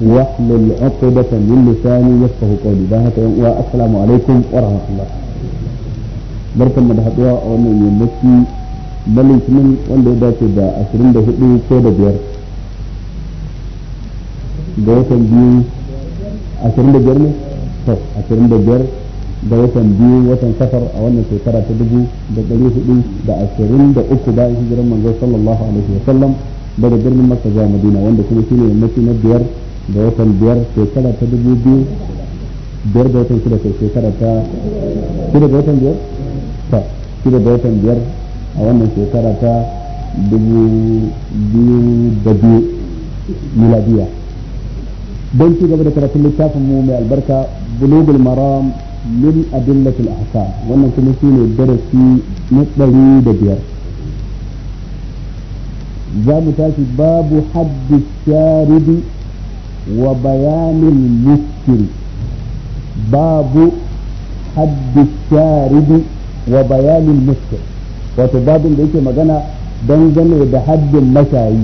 واحلل عقدة من لساني يفقه قولي بهك والسلام عليكم ورحمة الله barkan da haɗuwa a wannan yammaci na litinin wanda ya dace da ashirin da hudu ko da biyar ga watan biyu ashirin da biyar ne to ashirin da biyar ga watan biyu watan safar a wannan shekara ta dubu da ɗari hudu da ashirin da uku bayan hijiran manzo sallallahu alaihi wa sallam daga birnin makka zuwa madina wanda kuma shine yammaci na biyar da watan biyar shekara ta dubu biyu biyar da watan shida shekara ta shida da watan biyar ta shida da watan biyar a wannan shekara ta dubu biyu da biyu miladiya don ci gaba da karatun littafin mu mai albarka bulugul maram min adillatul ahkam wannan kuma shine darasi na ɗari da biyar za mu tashi babu haddi sharibi وبيان المسكر باب حد الشارب وبيان المسكر وتباب ليس مجانا دنجن بحد المشاي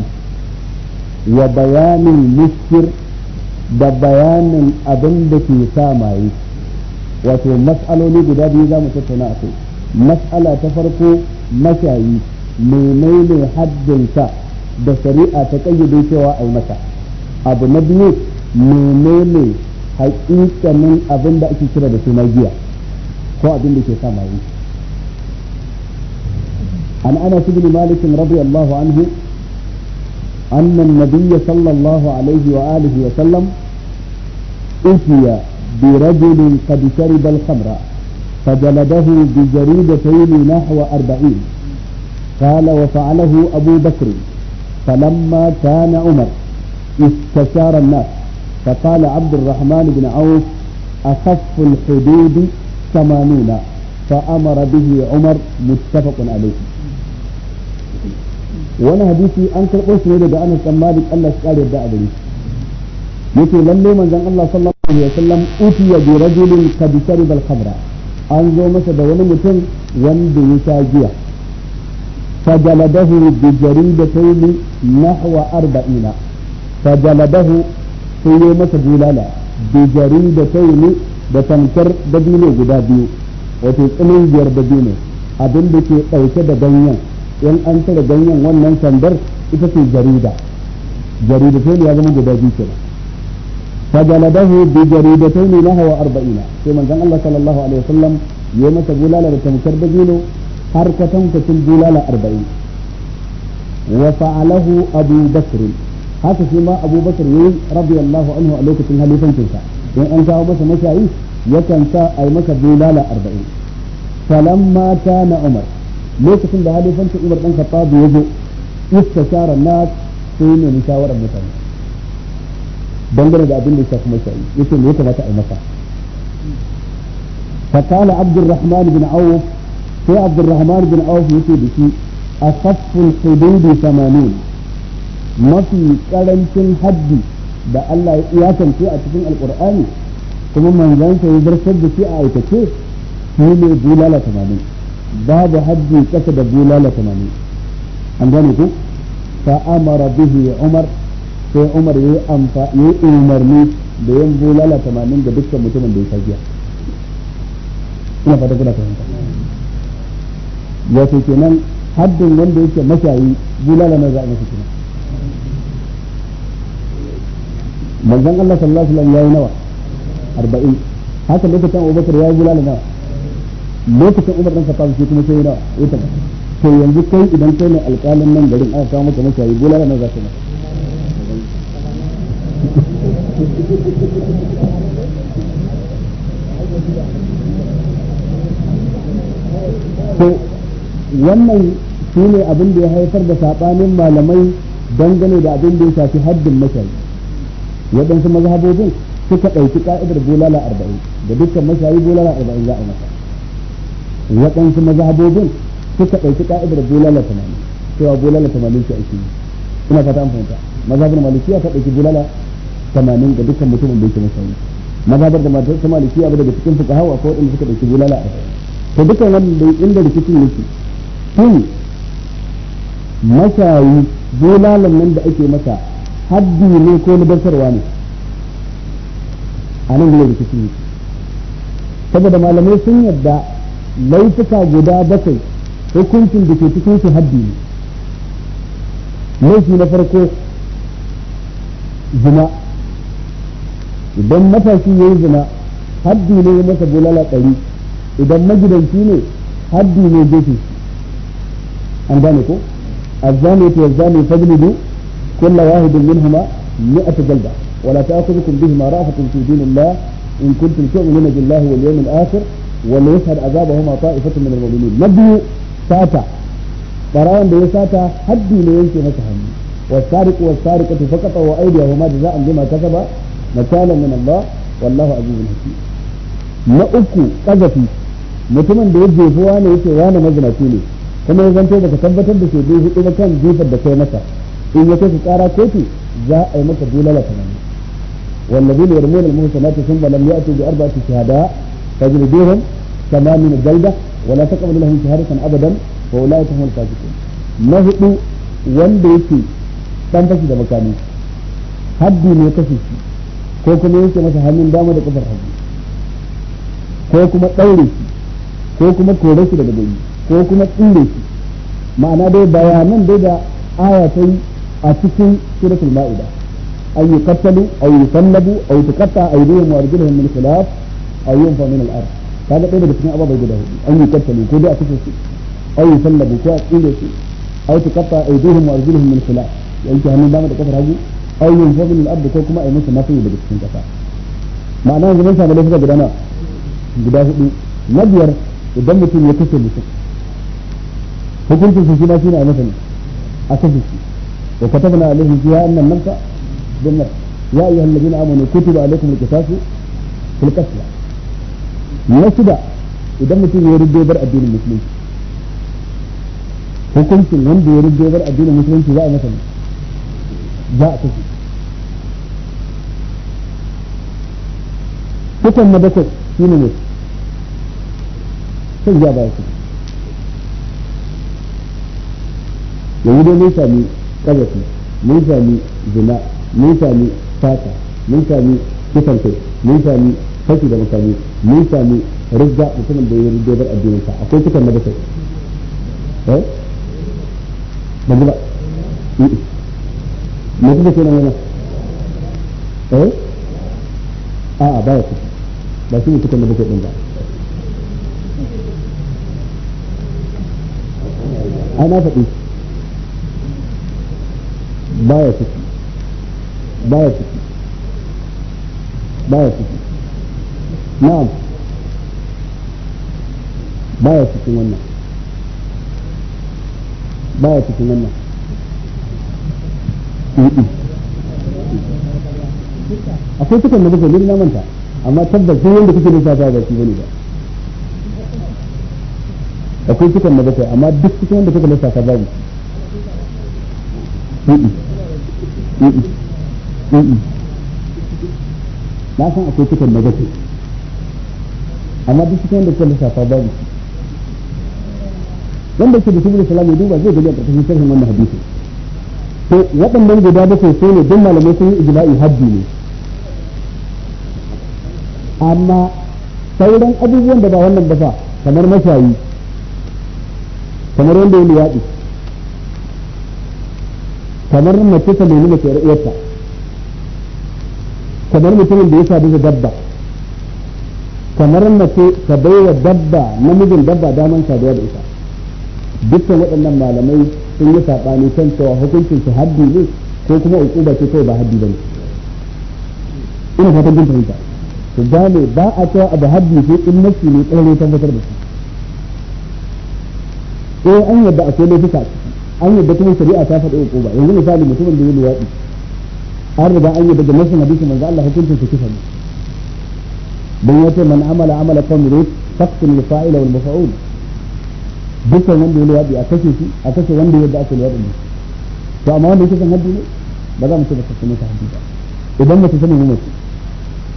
وبيان المسكر da bayanin abin da ke sa maye wato matsaloli guda biyu za mu tattauna a kai matsala ta farko mashayi menene haddinsa da shari'a ta kayyade cewa a yi masa abu na biyu menene hakikanin abin da ake kira da suna giya ko abin da ke sa mai an ana su ibn malik radiyallahu anhu أن النبي صلى الله عليه وآله وسلم أتي برجل قد شرب الخمر فجلده بجريدتين نحو أربعين قال وفعله أبو بكر فلما كان عمر استشار الناس فقال عبد الرحمن بن عوف أخف الحدود ثمانون فأمر به عمر متفق عليه wani hadisi an karɓo shi da daga Anas bin Malik Allah ya da abin yace lalle manzon Allah sallallahu alaihi wasallam utiya bi rajulin qad shariba al-khamra an zo masa da wani mutum wanda ya sha giya fajaladahu bi jaridatayn nahwa arba'ina fajalabahu sai ya masa bulala bi jaridatayni da tankar dabino guda biyu wato tsinin biyar dabino abin da ke ɗauke da ganyen yan an cire ganyen wannan sandar ita ce jarida jaridatayni ya zama guda biyu kenan fajalabahu ni jaridatayni nahwa arba'ina sai manzon Allah sallallahu alaihi wasallam ya masa bulala da tankar dabino har kwatankacin bulala arba'in wa fa'alahu abu bakr haka shi ma abubakar yayi radiyallahu anhu a lokacin halifancinsa in an kawo masa mashayi yakan sa a yi maka bulala arba'in mata na umar lokacin da halifancin umar dan khattab ya zo istashara na sai ne shawarar mutane dangane da abin da ya shafi mashayi yace me ya kamata a yi masa فقال عبد الرحمن بن عوف في عبد الرحمن بن عوف يقول بشي أخف الحدود ثمانين mafi karancin haddi da Allah ya iyakance a cikin alkur'ani kuma manzansa ya zartar da shi a aikace shi ne bulala tamanin babu haddi kasa da bulala tamanin an gane ku fa amara bihi umar sai umar ya yi umarni da yin bulala tamanin da dukkan mutumin da ya sajiya ina fata fahimta ya ce kenan haddin wanda yake mashayi bulala na za a masa kenan manzon Allah sallallahu alaihi wasallam yayi nawa 40 haka lokacin Bakar yayi bulala nawa lokacin Umar dan Khattab shi kuma sai nawa ita to yanzu kai idan kai ne alƙalin nan garin aka kawo maka maka yi bulala nawa za ka to wannan ne abin da ya haifar da saɓanin malamai dangane da abin da ya shafi haddin mutane waɗansu mazhabobin suka ɗauki ka'idar bulala arba'in da dukkan mashayi bulala arba'in za a masa waɗansu mazhabobin suka ɗauki ka'idar bulala tamanin cewa bulala tamanin ce ake yi ina fata an fahimta mazhabin malikiya ta ɗauki bulala tamanin ga dukkan mutumin da yake mashayi mazhabar da matar ta malikiya ba daga cikin fuka hawa ko waɗanda suka ɗauki bulala arba'in to dukkan wannan inda rikicin yake tun mashayi bulalan nan da ake masa haddi ne ko nadartarwa ne a nan gudun rikici ne saboda malamai sun yadda laifuka guda bakwai hukuncin da ke cikin su haddi ne laifi na farko zina idan matashi ya yi zina haddi ne ya masa bulala ɗari idan magidanci ne haddi ne gefe an gane ko a zane ta yazzani fajlidu كل واحد منهما مئة جلدة ولا تأخذكم بهما رأفة في دين الله إن كنتم تؤمنون بالله واليوم الآخر وليشهد عذابهما طائفة من المؤمنين نبي ساتا فرعون بي ساتا حدي لينكي مسهم والسارق والسارقة فقط وأيديهما جزاء بما كسبا مكانا من الله والله عزيز حكيم na uku قذفي mutumin da ya jefuwa ne yake wani mazinaci ne kuma ya zanto baka tabbatar da shaidu hudu ba kan da kai masa in yake tsara kotu za a yi maka dulala ta nan wallazi ne yarmuna al-muhsanat sun ba lam ya'ti bi arba'ati shahada tajribuhum tamamin al-jalda wa la taqabalu lahum shahadatan abadan wa ulai tahum al-fasiqun na hudu wanda yake dan fashi da makami haddi ne kashi shi ko kuma yake masa hannun dama da kafar haddi ko kuma daure shi ko kuma kore shi daga gari ko kuma tsire shi ma'ana dai bayanan dai da aya ta a cikin suratul ma'ida ay yuqattalu ay yusallabu ay tuqatta aydihim wa arjuluhum min khilaf ay yunfa min al-ard kaga ɗaya daga cikin ababai guda hudu an yuqattalu ko dai a cikin su ay yusallabu ko a cikin su ay tuqatta aydihim wa arjuluhum min khilaf yanke hannun dama da kafar hagu ay yunfa min al-ard ko kuma ay musu nafi daga cikin kasa ma'ana yanzu mun samu laifuka guda na guda hudu na biyar idan mutum ya kashe mutum hukuncin su shi ma shine a masa ne a kashe shi وكتبنا عليهم فيها أن النفس بالنفس يا أيها الذين آمنوا كتب عليكم القصاص في القتلى نسبة إذا مثل يريد دوبر الدين المسلم حكمت من يريد دوبر الدين المسلم جاء مثلا جاء تسي حكم مدكت في نموت كيف جاء بايته يريد أن kabasi mun sami zina mun sami fata mun sami kisan kai mun sami kashi da mutane mun sami rizza mutumin da ya yi dogar addininsa akwai kisan na bakai eh ba ba me kuma ce nan wani eh a'a ba ya kusa ba shi ne kisan na bakai din ba na faɗi baya ciki baya ciki baya ciki na'am baya cikin wannan baya cikin wannan akwai cikin da kuka ne na manta amma tabbas sai wanda kuke nisa ta zafi wani ba akwai cikin da kuka amma duk cikin wanda kuka nisa ta zafi na san akwai cikin negative amma duk cikin da suka lissafa babu wanda ke da shi da salamu duba zai gani a ƙarƙashin sharhin wannan hadisi to waɗannan guda bakwai sai ne don malamai sun yi ijma'i haddi ne amma sauran abubuwan da ba wannan ba fa kamar mashayi kamar wanda ya liyaɗi kamar mace ta nemi mace yar'uwarta kamar mutumin da ya sadu da dabba kamar mace ka baiwa dabba namijin dabba daman saduwa da ita dukkan waɗannan malamai sun yi saɓani kan cewa hukuncin su haddi ne ko kuma uquba ce kai ba haddi bane ina fatan jin fahimta su gane ba a cewa abu haddi ne in nafsi ne tsare tabbatar da su eh an yadda akwai laifuka an yadda kuma shari'a ta faɗi uku ba yanzu misali mutumin da ya luwaɗi an riga an yadda da nasin hadisin manzo Allah hukuncin su kisa ne dan yace man amala amala qawmi lut faqtul fa'ila wal maf'ul dukkan wanda ya luwaɗi a kashe shi a kashe wanda yadda aka luwaɗi ne to amma wanda yake san haddi ne ba za mu ce ba kashe masa haddi ba idan mace ta nemi mace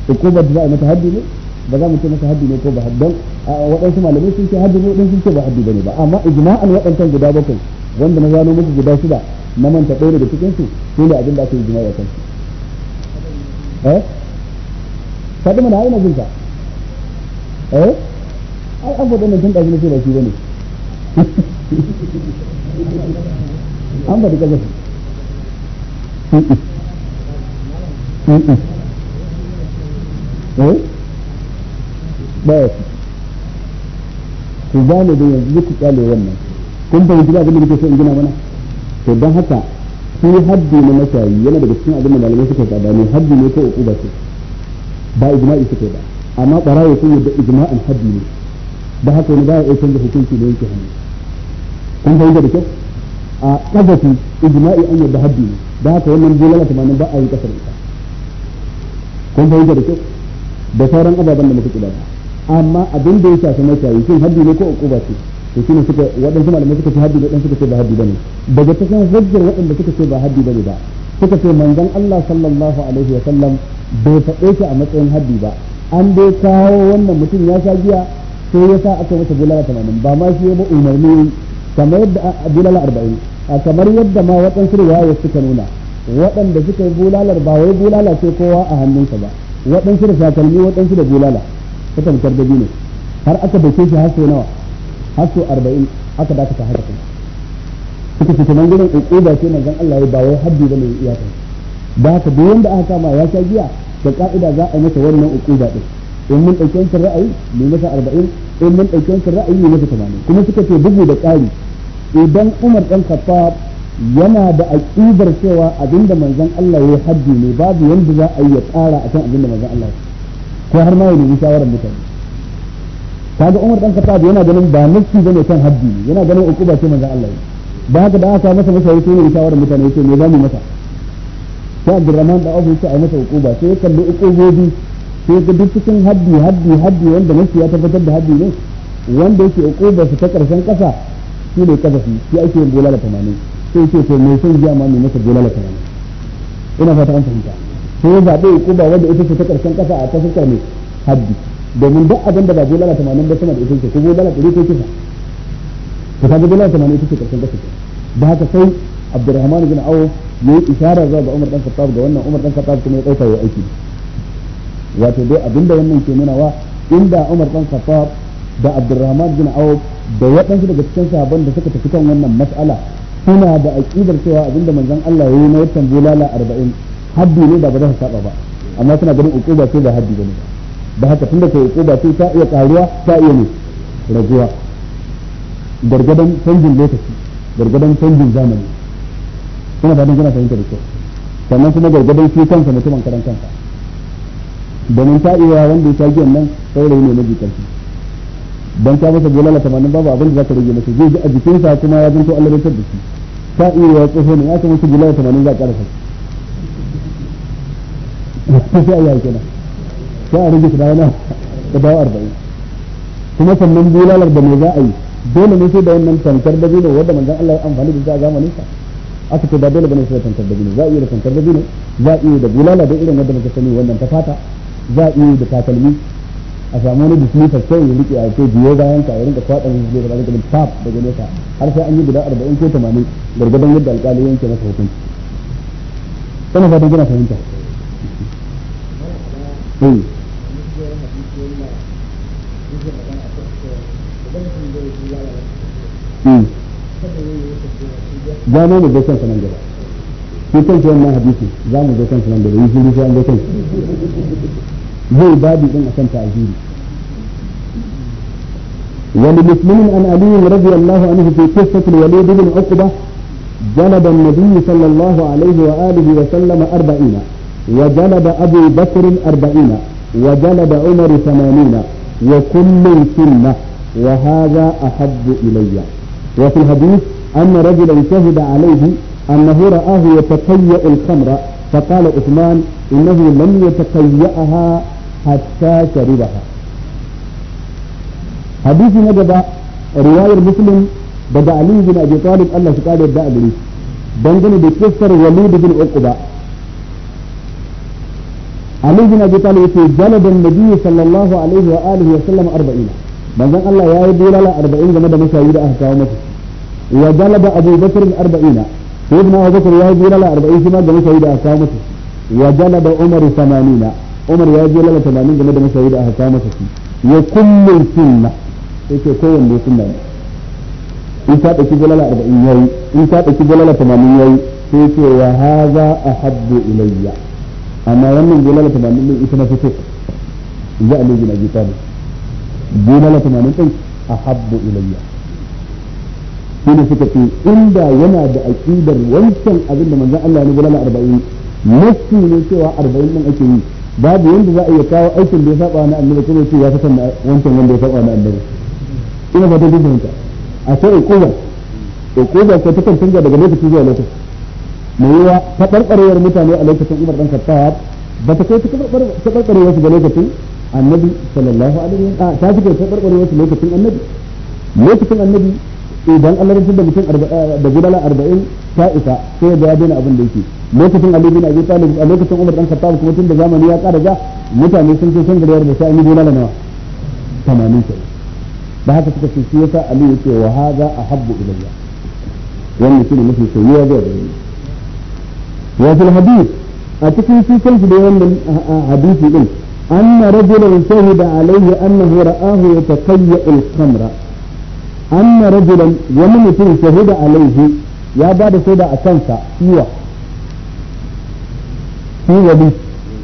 ukubar da za a mata haddi ne ba za mu ce masa haddi ne ko ba haddan waɗansu malamai sun ce haddi ne waɗansu sun ce ba haddi ba ne ba amma ijma'an waɗancan guda bakwai wanda na gano musu guda shida na manta ɗaya da cikin su shi ne abin da ake yi jima'i a kan su eh faɗi mana ai na eh ai an faɗi nan tun ɗazu na ce ba shi bane an faɗi kaza eh ba ya fi ku gane da yanzu ku ƙyale wannan kun ba ba abin da kake so in gina mana to don haka shi haddi na mashayi yana daga cikin abin da malamai suka faɗa ne haddi ne ko uba ce ba ijma'i suka ba amma barawo sun yadda ijma'an haddi ne da haka wani baya aikin da hukunci da yake hannu kun fahimta da kyau a kazafi ijma'i an yadda haddi ne da haka wannan bulala kuma ba a yi kasar ita kun fahimta da kyau da sauran ababen da muka kula amma abin da ya shafi mashayi shin haddi ne ko uba ce to shine suka waɗansu malamai suka ce haddi ne suka ce ba haddi bane daga cikin hujjar waɗanda suka ce ba haddi bane ba suka ce manzon Allah sallallahu alaihi wa sallam bai faɗe shi a matsayin haddi ba an dai kawo wannan mutum ya sha giya sai ya sa aka masa bulala tamanin ba ma shi ya ba umarni kamar yadda bulala arba'in kamar yadda ma waɗansu riwaya suka nuna waɗanda suka yi bulalar ba wai bulala ce kowa a hannunsa ba waɗansu da shakalmi waɗansu da bulala suka fitar da ne har aka bace shi har sai nawa har arba'in aka dakata haka kuma suka fita nan gurin ƙoƙoda ce manzon Allah ya ba haddi da mai iyakar da haka duk wanda aka kama ya sha giya da ka'ida za a masa wannan uquba ɗin in mun ɗauki wancan ra'ayi mai masa arba'in in mun ɗauki wancan ra'ayi mai masa tamanin kuma suka ce bugu da ƙari idan Umar ɗan kafa yana da aƙidar cewa abinda manzon Allah ya haddi ne babu yanda za a yi ya ƙara a kan abinda manzon Allah ko har ma ya nemi shawarar mutane kaga Umar dan Khattab yana ganin ba nufi bane kan haddi yana ganin ukuba ce manzo Allah ba haka da aka masa masa yake ne shawarar mutane yake me zamu masa sai Abdurrahman da Abu sai a masa ukuba sai ya kalli ukubobi sai ga duk cikin haddi haddi haddi wanda nufi ya tabbatar da haddi ne wanda yake ukuba su ta karshen kasa shi ne kasafi shi ake yin bulala tamanin sai ce to me sai ji amma me masa bulala tamanin ina fata an fahimta sai ya zabe ukuba wanda ita ce ta karshen kasa a ta fuskar ne haddi domin duk abin da ba bulala tamanin ba suna da isin ko bulala ɗari ko kisa to kaga bulala tamanin ita ce karshen kasa da haka sai Abdurrahman bin Auf yayi isharar zuwa ga Umar dan Khattab da wannan Umar dan Khattab kuma ya ɗauka ya aiki wato dai abinda wannan ke nuna wa inda Umar dan Khattab da Abdurrahman bin awo da waɗansu daga cikin sahabban da suka tafi kan wannan mas'ala suna da aqidar cewa abinda manzon Allah ya yi na yatan bulala 40 haddi ne da ba za su saba ba amma suna ganin ukuba ce da haddi ne. ba Ba haka ke ko ba sai ta iya karuwa ta iya ne raguwa gargadan canjin lokaci gargadan canjin zamani kuma fadin gina fahimta da kyau sannan kuma gargadan shi kansa mutumin karan kansa domin ta iya wanda ya shagiyan nan saurayi ne maji karfi don ta masa bulala tamanin babu abin da za ka rage masa zai ji a jikinsa kuma ya zanto Allah da shi ta iya ya tsoho ne ya kamata bulala tamanin za a ƙara sa sai a yi kenan sai a rage da wani da dawo arba'in kuma sannan bulalar da me za a yi dole ne sai da wannan tankar da bino wanda manzon Allah ya amfani da shi a zamanin sa aka ce da dole bane sai da tankar da bino za a iya da tankar da bino za a iya da bulala da irin wanda muka sani wannan ta fata za a iya da takalmi a samu wani dismifa sai ya rike a ce biyo bayan ka da rinka kwaɗa wani zai da rinka tap daga nesa har sai an yi guda arba'in ko tamanin gargadon yadda alƙali yanke masa hukunci kana fatan kana fahimta eh. za mu mu bai kansa gaba shi kansa wannan hadisi za mu bai kansa gaba yi shiru an zai babu din akan ولمسلم عن علي رضي الله عنه في قصة الوليد بن عقبة جلب النبي صلى الله عليه وآله وسلم أربعين وجلب أبو بكر أربعين وجلب عمر ثمانين وكل سنة وهذا أحب إلي وفي الحديث أن رجلا شهد عليه أنه رآه يتقيأ الخمر فقال عثمان إنه لم يتقيأها حتى شربها حديث نجد رواية مسلم بدا علي بن أبي طالب الله سبحانه وتعالى بندن بكسر وليد بن عقبة علي بن أبي طالب جلد النبي صلى الله عليه وآله وسلم أربعين manzon Allah ya yi bulala 40 game da mashayi da aka kawo masa wa galaba Abu Bakr 40 sayyidina Abu Bakr ya yi bulala 40 shi ma da mashayi da aka kawo masa wa galaba Umar 80 Umar ya yi bulala 80 game da mashayi da aka kawo masa ya kullu sunna yake kowanne sunna ne in ta ɗauki jalala arba'in yayi in ta ɗauki jalala tamanin yayi sai ce wa haza ahabbu ilayya amma wannan jalala tamanin din ita na fito za a lejina ji talib bulala tunanin din ahabbu ilayya shine suka ce inda yana da aqidar wancan abin da manzon Allah ya na 40 nasu ne cewa 40 din ake yi babu wanda za a iya kawo aikin da ya saba na annabi kuma ce ya fi san wancan wanda ya saba na annabi ina fata duk da a sai ukuba ukuba ko ta kan canza daga lokaci zuwa lokaci mai yiwa ta barbarewar mutane a lokacin Umar dan Khattab ba ta kai ta barbarewar su ga lokacin annabi sallallahu alaihi wa sallam ta fi kai karkare wasu lokacin annabi lokacin annabi idan Allah rasul da mutum eh, da gudala 40 ta isa sai ya daina abin da yake lokacin Ali bin Abi Talib a lokacin Umar dan Khattab kuma tun da zamani ya ƙara ja mutane sun ce san gariyar da sai an yi gudala nawa 80 sai da haka suka ce shi yasa Ali yake wa hadha ahabbu ilayya wannan shine mafi soyayya ga gare ni wa fil hadith a cikin shi da wannan ah, ah, hadisi din أن رجلا شهد عليه أنه رآه يتقيأ الخمر أن رجلا ومن شهد عليه يا بعد سيدة أكنسا إيوه في وليد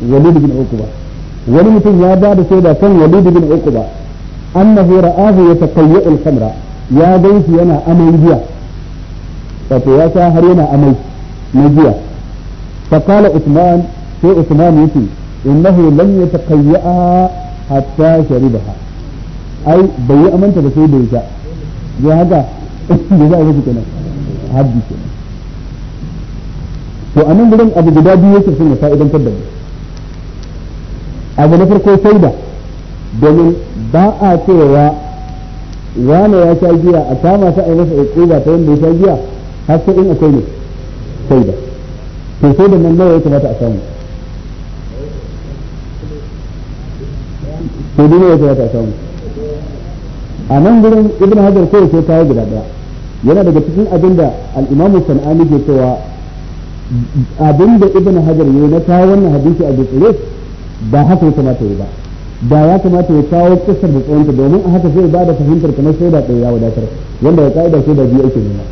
وليد بن عقبة وليد يا بعد سيدة كان وليد بن عقبة أنه رآه يتقيأ الخمر يا بيت ينا أمي wato ya sha har yana amai na jiya fa qala usman sai usman yace innahu lam yataqayya hatta sharibaha ai bai yi amanta da sai da ita ya haka da za a yi kenan haddi kenan to a nan gurin abu guda biyu ya sun yasa idan kadda mu abu na farko shaida domin ba a cewa wane ya sha jiya a kama sa a masa iquba ta yanda ya sha jiya har sai in akwai ne shaida to sai da nan nawa ya kamata a samu to dole ya kamata a a nan gurin ibn hajar ko sai yi guda daya yana daga cikin abin da al-imamu sanani ke cewa abin da ibn hajar yayi na kawo wannan hadisi a dutsure ba haka ya kamata ya ba da ya kamata ya kawo kisar da tsawonta domin a haka zai ba da fahimtar kamar sai da ɗaya ya wadatar wanda ya ka'ida sai da biyu ake nuna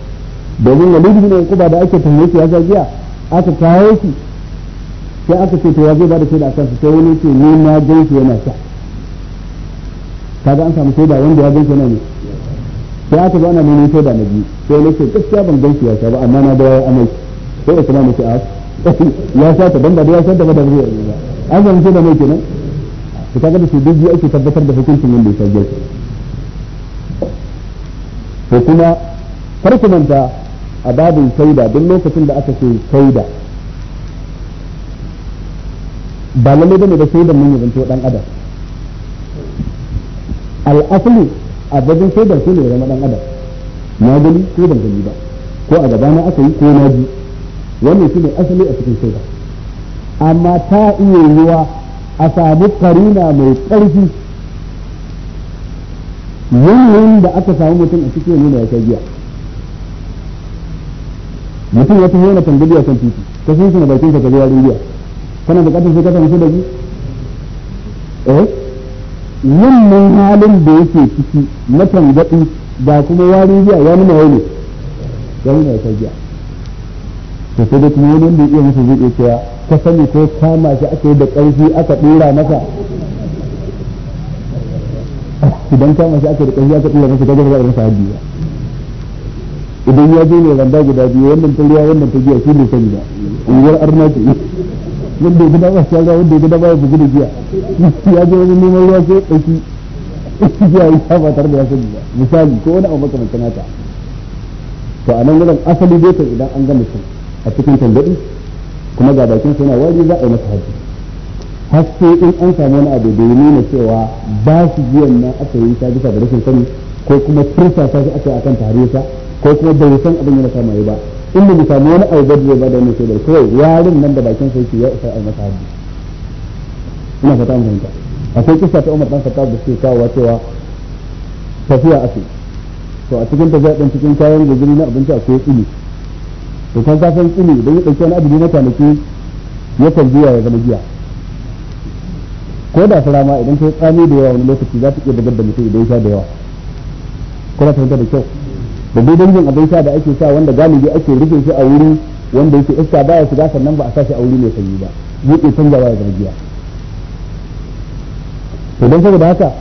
domin walid bin uquba da ake fahimci ya zagiya aka kawo shi sai aka ce to ya zai ba da sai da akan sai wani ce ni na gaisu yana sa kaga an samu shaida wanda ya ganshi nan sai aka zauna ne shaida na biyu sai na ce gaskiya ban ganshi ya ba amma na da ya amai sai ya kuma mace a ya sha ta ban da ya sha ta ba da yi ba an samu shaida mai kenan to kaga da su duk biyu ake tabbatar da hukuncin wanda ya sha giya ko kuma farkumanta manta a babin shaida duk lokacin da aka ce shaida ba lalle bane da shaidan mun ya zanto dan adam al'asali a sai shaida su ne zama dan adam na gani ko ban gani ba ko a gabana aka yi ko na ji wannan shi ne asali a cikin shaida amma ta iya yiwa a samu karina mai ƙarfi yanayin da aka samu mutum a cikin nuna ya sha giya mutum ya tafi yana a kan titi ka sun suna bakin ka ga yarin giya kana bukatar sai ka samu shi da shi eh wannan halin da yake ciki na tangaɗi ba kuma wani biya ya nuna wani ya nuna ya sajiya to sai da kuma wani da iya masa zai iya cewa ka sani ko kama shi aka yi da ƙarfi aka ɗora masa idan kama shi aka da ƙarfi aka ɗora masa gajar ba masa haddi ba idan ya je ne randa guda biyu wannan ta riya wannan ta giya shi ne sani ba unguwar arna ce wanda ya gida ba shan ruwa wanda ya gida ba ya bugu da giya ya je wani neman ruwa sai ya ɗauki giya ya ba tare da ya sani ba misali ko wani abu makamancin haka to a nan wurin asali dai idan an ga mutum a cikin tangaɗi kuma ga bakin sa yana wari za a yi masa haji haske in an samu wani abu da ya nuna cewa ba shi giyan nan aka yi ta bisa da rashin sani ko kuma tursa ta shi aka yi akan tarihsa ko kuma bai san abin yana sama yi ba Inda da bisa wani aibaji ba da wani da kawai yarin nan da bakin sai ya isa a masa haddi ina fata mun fahimta akwai kisa ta Umar dan fata da suke kawo cewa tafiya ake to a cikin tafiya din cikin kayan jini na abinci akwai tsini to kan san tsini don ya dauki wani abu na kwanaki ya tarbiya ya zama giya ko da fara ma idan kai tsami da yawa wani lokaci za ta iya bugar da mutum idan ya sha da yawa kuna fahimta da kyau bai dangin abin sha da ake sha wanda galibi ake rike shi a wuri wanda yake iska baya shiga sannan ba a sa a wuri mai sanyi ba yake canzawa ya zargiya to don saboda haka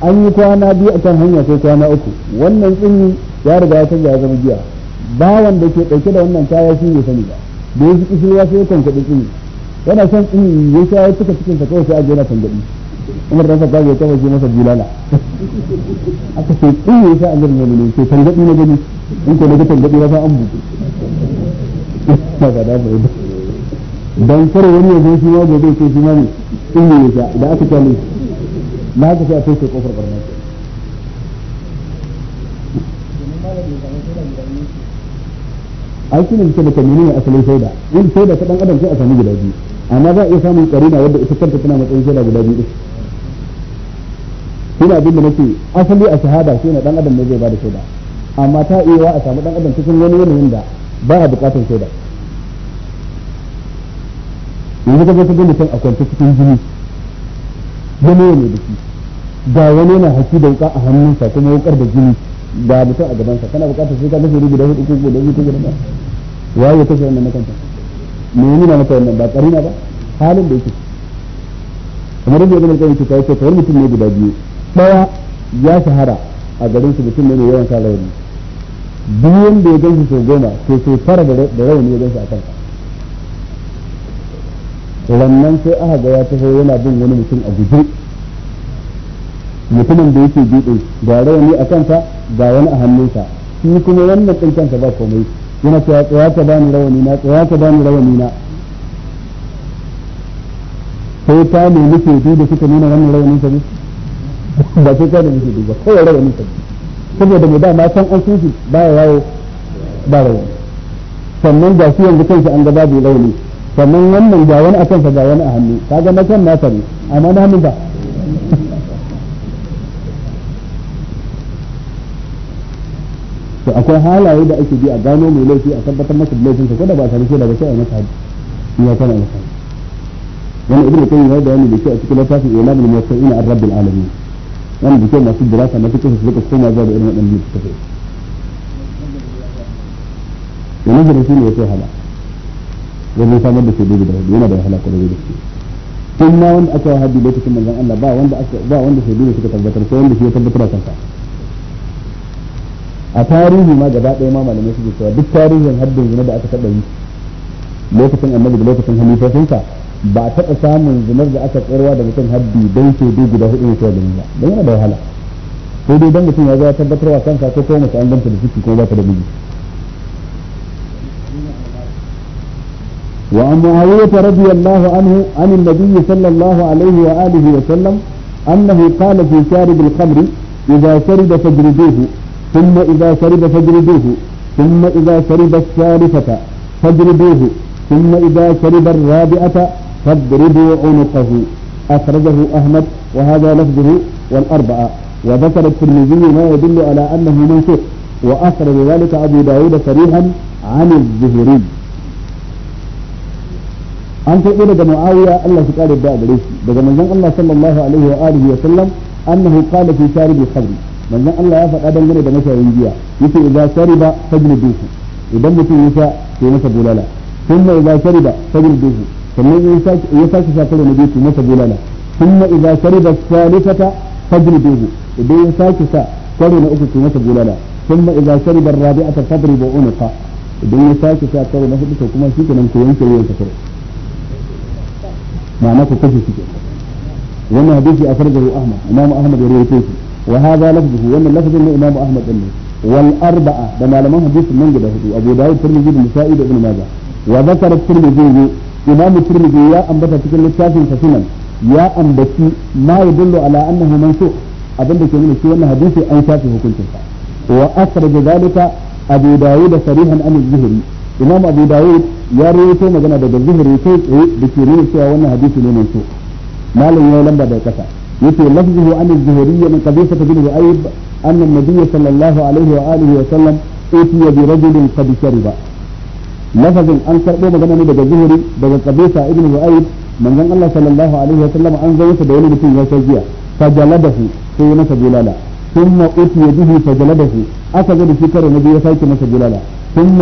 an yi kwana biyu a kan hanya sai kwana uku wannan tsini ya riga ya canza ya zama giya ba wanda ke dauke da wannan kaya shi ne sani ba da ya fi ya sai kan kuɗi tsini yana son tsini ya sha ya cika cikinsa sa kawai sai a jera tangaɗi umar dan sabbi ya kama masa bilala aka ce in ya sa amir ne sai tangabi na gani in ko na ga na sa an buku ba da ba dan kare wani ya zo shi ma gobe ce shi ma ne in ya sa da aka kalle na haka sai a kai kofar barna ai shi ne da kamini ne asalin shaida yin shaida ta dan adam sai a sami guda biyu amma za a iya samun karina wadda ita kanta tana matsayin shaida guda biyu shi abin da nake asali a shahada shi ne dan adam ne zai bada shaida amma ta iya a samu dan adam cikin wani yanayin da ba a bukatar shaida yanzu ka zai ga mutum a kwance cikin jini wani ne da shi ga wani yana haki da wuka a hannunsa kuma wukar da jini ga mutum a gabansa kana bukatar sai ka kashe rubu da hudu ko ko guda hudu da ba wa waye kashe wannan makanta kanta me nuna maka wannan ba karina ba halin da yake kamar yadda ibn al-qayyim ke kawo cewa mutum ne guda biyu daya ya shahara a garin su mutum ne mai yawan sa rauni duk wanda ya shi sau goma to sai fara da rauni ya ganshi a kansa wannan sai aka ga ya taho yana bin wani mutum a guje mutumin da yake buɗe ga rauni a sa ga wani a hannunsa shi kuma wannan ɗin kansa ba komai yana cewa tsaya ka bani rauni na tsaya ka bani rauni na sai ta nemi shaidu da suka nuna wannan rawanin sa ne ba sai ka da yake duba kawai rawa ne sabbi saboda mai dama can an sun ba ya yawo ba rawa sannan ga shi yanzu kansa an gaba bai rauni sannan wannan ga wani a kansa ga wani a hannu kaga na kan nasa ne amma na hannu ba to akwai halaye da ake bi a gano mai laifi a tabbatar masa laifinsa ko da ba a sami shaida ba sai a masa hadisi ya kana masa wani ibnu kayyim ya bayani da shi a cikin littafin ilamul muwaqqi'in ar-rabbil alamin wanda da kyau masu dirasa na fiƙe su suka koma zuwa da irin waɗanda waɗannan littattafai da nazari jirafi ne ya fi hala wajen samar da shaidu da hudu yana da wahala kwarai da shi tun ma wanda aka yi haddi lokacin manzan Allah ba wanda aka ba wanda shaidu da suka tabbatar ko wanda shi ya tabbatar a kansa a tarihi ma gaba ɗaya ma malamai suke cewa duk tarihin haddin zina da aka taɓa yi lokacin annabi da lokacin halifofinsa ba taɓa samun zumar da aka tsirwa da mutum haddi dai sai dai guda hudu ya da niyya don yana da wahala sai dai don mutum ya zo ya tabbatar wa kansa ko kuma mace an ganta da ciki ko ba ka da miji wa وعن معاوية رضي الله عنه عن النبي صلى الله عليه وآله وسلم أنه قال في شارب الخمر إذا شرب فاجلدوه ثم إذا شرب فاجلدوه ثم إذا شرب الثالثة فاجلدوه ثم إذا شرب الرابعة فاضربوا عنقه أخرجه أحمد وهذا لفظه والأربعة وذكر الترمذي ما يدل على أنه منسوخ وأخرج ذلك أبو داود صريحا عن الزهري ان تقول إلى معاوية الله سكال الداء بريسي بجمع الله صلى الله عليه وآله وسلم أنه قال في شارب الخبر من الله يفق أبا من نشأ ينجيها يقول إذا شرب فجل الدوسي إذا في النساء في نشأ بلالا ثم إذا شرب فجل الدوسي sannan ya sake sa karo na masa bulala ثم إذا شرب الثالثة فاجلدوه إذا يساك سا كرو نأكو كما ثم إذا شرب الرابعة فجر عنقا إذا يساك سا كرو نأكو كما شيك نمكو ينكو ينكو معناه كفي شيك وما حديث أخرجه أحمد إمام أحمد يرويته وهذا لفظه وأن اللفظ لإمام أحمد أنه والأربعة بما لم حديث من جده أبو داود الترمذي بن سعيد أبن ماجه وذكر الترمذي imam tirmidhi ya ambata cikin littafin sa sunan ya ambaci ma yadullu ala annahu mansukh abin da ke nuna shi wannan hadisi an shafe hukuncin sa wa akhraja zalika abu dawud sarihan an az-zuhri imam abu dawud ya rawaito magana da zuhri kai tsaye da ke nuna cewa wannan hadisi ne mansukh malam ya lamba da kasa yace lafzuhu an az-zuhri min qabisa bin ru'ayb anna an-nabiy sallallahu alaihi wa alihi wa sallam utiya bi rajulin qad shariba lafazin an karɓo magana ne daga zuhuri daga qabisa ibn mu'ayyid manzon Allah sallallahu alaihi wa sallam an zo da wani mutum ya sha giya fajaladahu sai ya masa bulala ثم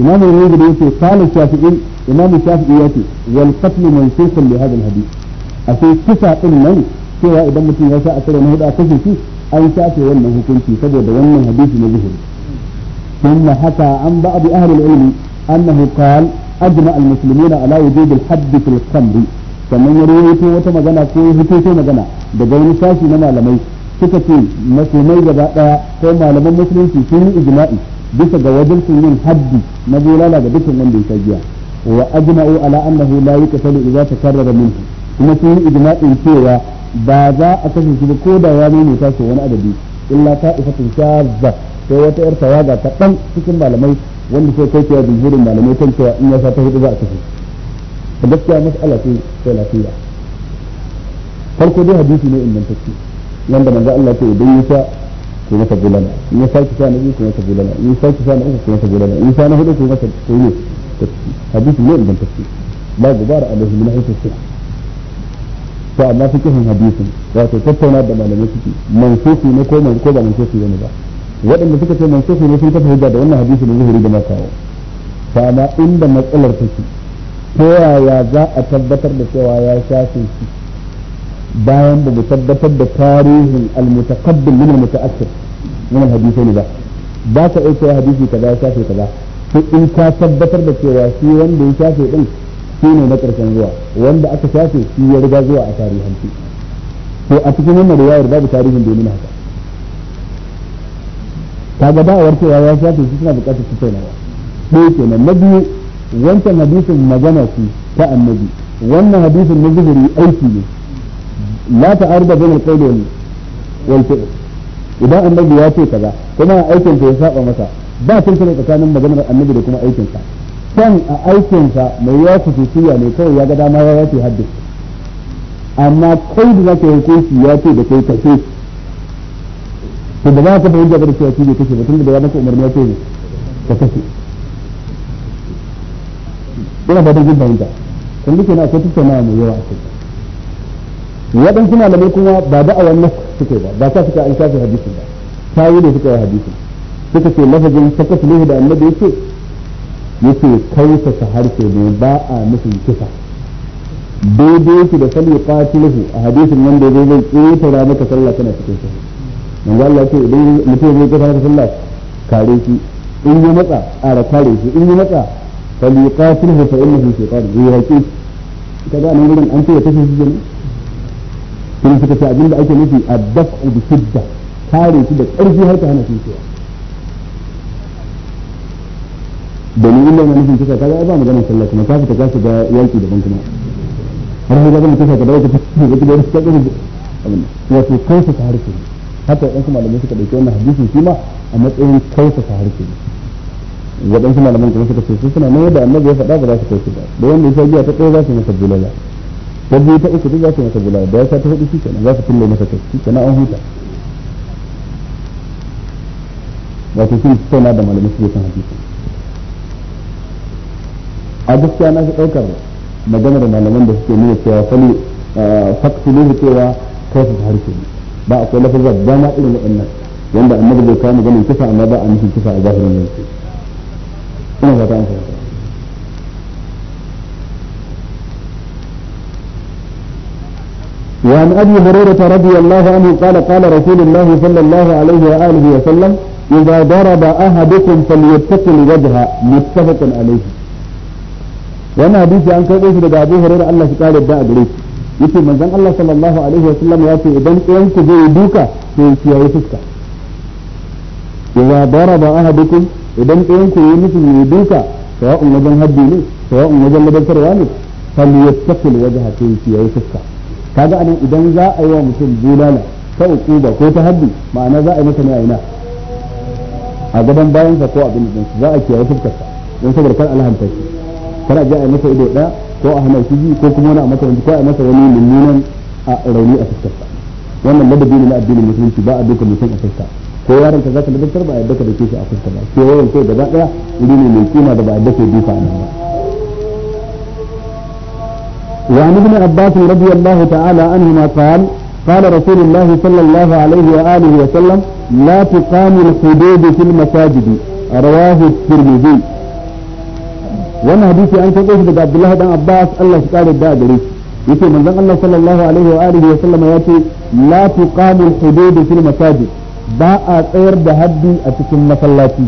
إمام الرويد يأتي قال الشافعي إمام الشافعي يأتي والقتل منصوص لهذا الحديث أشي كسا إنه سوى إبن متن يساء أكثر من هذا أكثر فيه أي شافعي أنه كنت فجد ومن حديث مذهب ثم حكى عن بعض أهل العلم أنه قال أجمع المسلمين على وجود الحد في القمر فمن ya rawo yake wata في ko ya fito ko magana da ga wani sashi na malamai suka ce masu mai bisa ga wajen yin haddi na bulala ga dukkan wanda ya giya wa ajma'u ala annahu la yuqtalu idza takarrara minhu kuma sun yi ijma'in cewa ba za a kashe shi ko da ya nuna ta ce wani adadi illa ta'ifatun shazza sai wata yar tawaga kaɗan cikin malamai wanda sai kai cewa jinjirin malamai kan cewa in ya sa ta hudu za a kashe a gaskiya mas'ala ce sai lafiya farko dai hadisi ne in ingantacce wanda manzo Allah ce idan ya ku masa bulala in ya sake sa na biyu ku masa bulala in ya sake sa na uku ku masa bulala in sa na hudu ku masa ku ne hadisi ne idan tafsir la gubara alaihi min haythu sihh to amma fikihin hadisin wato tattauna da malamai suke mansufi ne ko man ko ba mansufi ne ba waɗanda suka ce mansufi ne sun kafa hujja da wannan hadisi da zuhuri da makawo to amma inda matsalar take ta yaya za a tabbatar da cewa ya shafe shi bayan da mu tabbatar da tarihin al-mutaqaddim min al-mutaakhir min al ba ba ka iya hadisi kaza ya shafe kaza sai in ka tabbatar da cewa shi wanda ya shafe din shi ne na karshen zuwa wanda aka shafe shi ya riga zuwa a tarihanci to a cikin wannan riwayar babu tarihin domin haka ga ba a cewa ya shafe shi suna bukatar su taunawa ɗaya kenan na biyu wancan hadisin magana ce ta annabi wannan hadisin na zuhuri aiki ne la ta'arda bain al-qawl wal fi'l idan annabi ya ce kaza kuma a da ya saba masa ba tuntune tsakanin maganar annabi da kuma aikin sa kan a aikin sa mai ya kusuciya ne kawai ya ga dama ya yace haddi amma kai da zaka hukunci ya ce da kai kace to da za ka fahimta da cewa shi ne kace ba tunda da ya maka umarni ya ce ne ka kace ina ba da jin fahimta kun duke na akwai tattaunawa mai yawa a kai waɗansu malamai kuma ba da'awar wannan suke ba ba sa suka an shafi hadisin ba ta yi ne suka yi hadisin suka ce lafazin saka ne da annabi yake yake kausa harshe ne ba a nufin kisa daidai yake da fali qatiluhu a hadisin wanda zai zai ƙetara maka sallah kana cikin sa manzo Allah ce idan mutum zai ƙetara maka sallah kare shi in ya matsa ara kare shi in ya matsa fali qatiluhu fa innahu shaytan zai yake kaga nan gurin an ce ya tafi shi ne sun suka ce abinda ake nufi a daf'u bi shidda kare shi da ƙarfi har ka hana shi cewa domin illa na nufin kisa kaga ba maganar sallah kuma ka fita ka shiga yanki daban kuma har sai kaga mutum ka dawo ka fita ka dawo ka ya ce kansa ta harshe haka waɗansu malamai suka ɗauki wannan hadisin shi ma a matsayin kansa ta harshe waɗansu malaman kuma suka ce su suna nan yadda annabi ya faɗa ba za su kai shi ba da wanda ya sa giya ta ɗaya za su yi masa bulala ta ta uku duk za su masa bulala da ya sa ta hudu shi kenan za su kulle masa kai shi kenan an huta wato shi tauna da malamai su kan hadisi a gaskiya na fi ɗaukar magana da malaman da suke nuna cewa fali faktuluhu cewa kai su harshe ne ba kai lafazar dama irin waɗannan wanda annabi zai kawo maganin kisa amma ba a nufin kisa a zahirin yanzu ina fata an fahimta وعن ابي هريره رضي الله عنه قال قال رسول الله صلى الله عليه واله وسلم اذا ضرب احدكم فليتق الوجه متفق عليه. وانا حديث عن كيف اذا ابو هريره الله قال ابدا ادريك. يقول من زن الله صلى الله عليه وسلم ياتي اذا انت زي دوكا في سياي فسكا. اذا ضرب احدكم اذا انت يمثل يدوكا سواء مجن هديني سواء مجن مدن فرواني فليتق الوجه في سياي فسكا. kaga anan idan za a yi wa mutum bulala ta ba ko ta haddi ma'ana za a yi masa ne a ina a gaban bayan sa ko abin da za a kiyaye sa don saboda kar alhamta shi kar a je a yi masa ido ɗaya ko a hana shi ko kuma wani a masa wani ko a masa wani mummunan a rauni a sa wannan ladabi ne na addinin musulunci ba a duka mutum a fuska ko yaron ka zaka ladabtar ba a yadda ka dake shi a fuska ba ke yawan kai gaba daya wuri ne mai kima da ba a yadda ka duka a nan ba وعن ابن عباس رضي الله تعالى عنهما قال قال رسول الله صلى الله عليه واله وسلم لا تقام الحدود في المساجد رواه الترمذي وانا حديثي عن كتب عبد الله بن عباس الله قال الدادري يقول من ذن الله صلى الله عليه واله وسلم ياتي لا تقام الحدود في المساجد باء اطير بهدي اتكم مسلاتي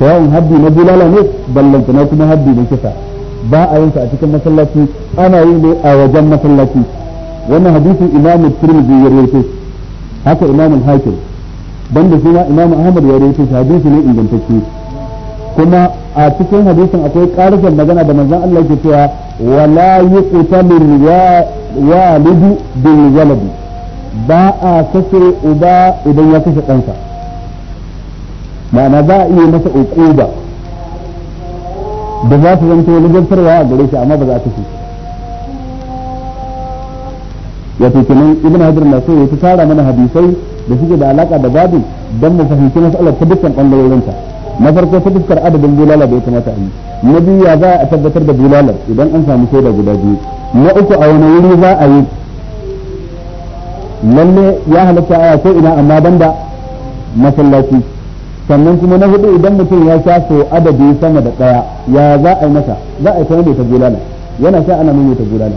فهم هدي نبي لا لا نيك بل لن تنوكم هدي من ba a yin sa a cikin masallaci ana yin ne a wajen masallaci wannan hadisi imam tirmidhi ya rawaito haka imam hakim banda shi ma imam ahmad ya rawaito hadisi ne ingantacce kuma a cikin hadisin akwai ƙarfin magana da manzon Allah ke cewa wala yuqtalu walidu bil walad ba a kashe uba idan ya kashe kansa ma'ana ba a iya masa uquba da za su zanto lizantarwa a gare shi amma ba za a ya fi kenan ibn hajar na so ya fi tara mana hadisai da suke da alaka da babin don mu fahimci matsalar ta dukkan bangarorinta na farko ta fuskar adadin bulala da ya kamata a yi na biyu ya za a tabbatar da bulalar idan an samu shaida guda biyu na uku a wani wuri za a yi lalle ya halatta aya ko ina amma banda masallaci sannan kuma na hudu idan mutum ya sha so adadi sama da daya ya za a yi masa za a yi kuma mai ta bulala yana sha ana mai ta bulala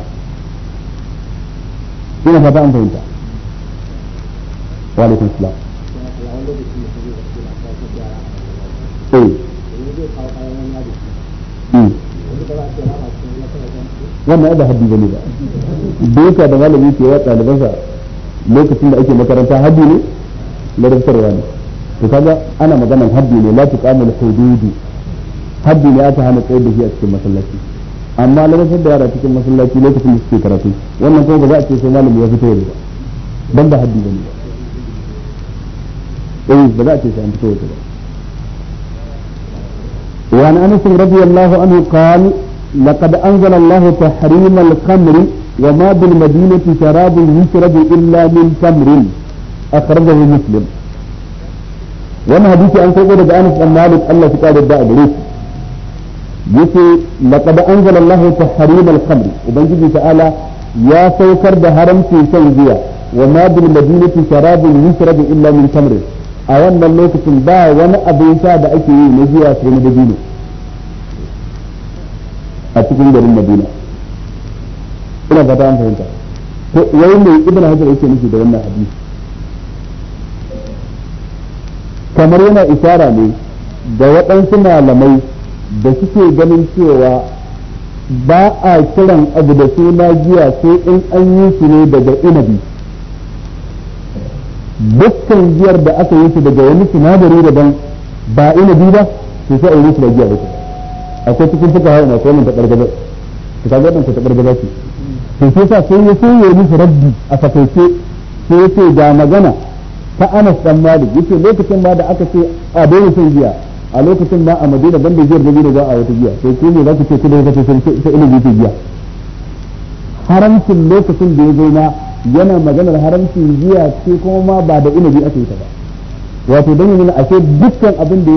ina fata an fahimta wa alaikum salam eh. hmm. wannan da haddi ne ba duka da malami ke wa ɗalibansa lokacin da ake makaranta haddi ne na rufarwa ne to kaga ana maganan haddi ne la tuqamul hududi haddi ne aka hana kai da shi a cikin masallaci amma ladabtar da yara cikin masallaci lokacin da suke karatu wannan kuma ba za a ce sai malami ya fito waje ba ban da haddi bane ba eh ba za a ce sai an fito waje ba وعن انس رضي الله عنه قال لقد انزل الله تحريم الخمر وما بالمدينه شراب يشرب الا من تمر اخرجه مسلم wannan hadisi an karɓo daga Anas bin Malik Allah ya kare da gare shi yace laqad anzala Allahu tahrim al-khamr ubangiji ta'ala ya saukar da haramci shan giya wa ma bil madinati sharabun yusrabu illa min tamr a wannan lokacin ba wani abin sha da ake yi na giya sai na dabino a cikin garin Madina ina fata an fahimta to wai mai ibnu Hajar yake nufi da wannan hadisi kamar yana ishara ne da waɗansu malamai da suke ganin cewa ba a kiran abu da suna jiya sai in an yi shi ne daga inabi dukkan jiyar da aka yi shi daga wani sinadari daban ba inabi ba su sai a yi shi da jiya ba akwai cikin suka hau masu wannan taɓar gaza su kaga wannan ta taɓar gaza ce sai sa sai ya sai ya musu rabbi a fakaice sai ya ce ga magana ta Anas dan Malik yace lokacin ma da aka ce a dole sai giya a lokacin ma a Madina dan da jiyar da ba a wata giya sai ku ne za ku ce ku da ce sai sai ilimi ta giya haramcin lokacin da ya zo na yana maganar haramcin giya ce kuma ma ba da inabi ake ta ba wato dan yana ashe dukkan abin da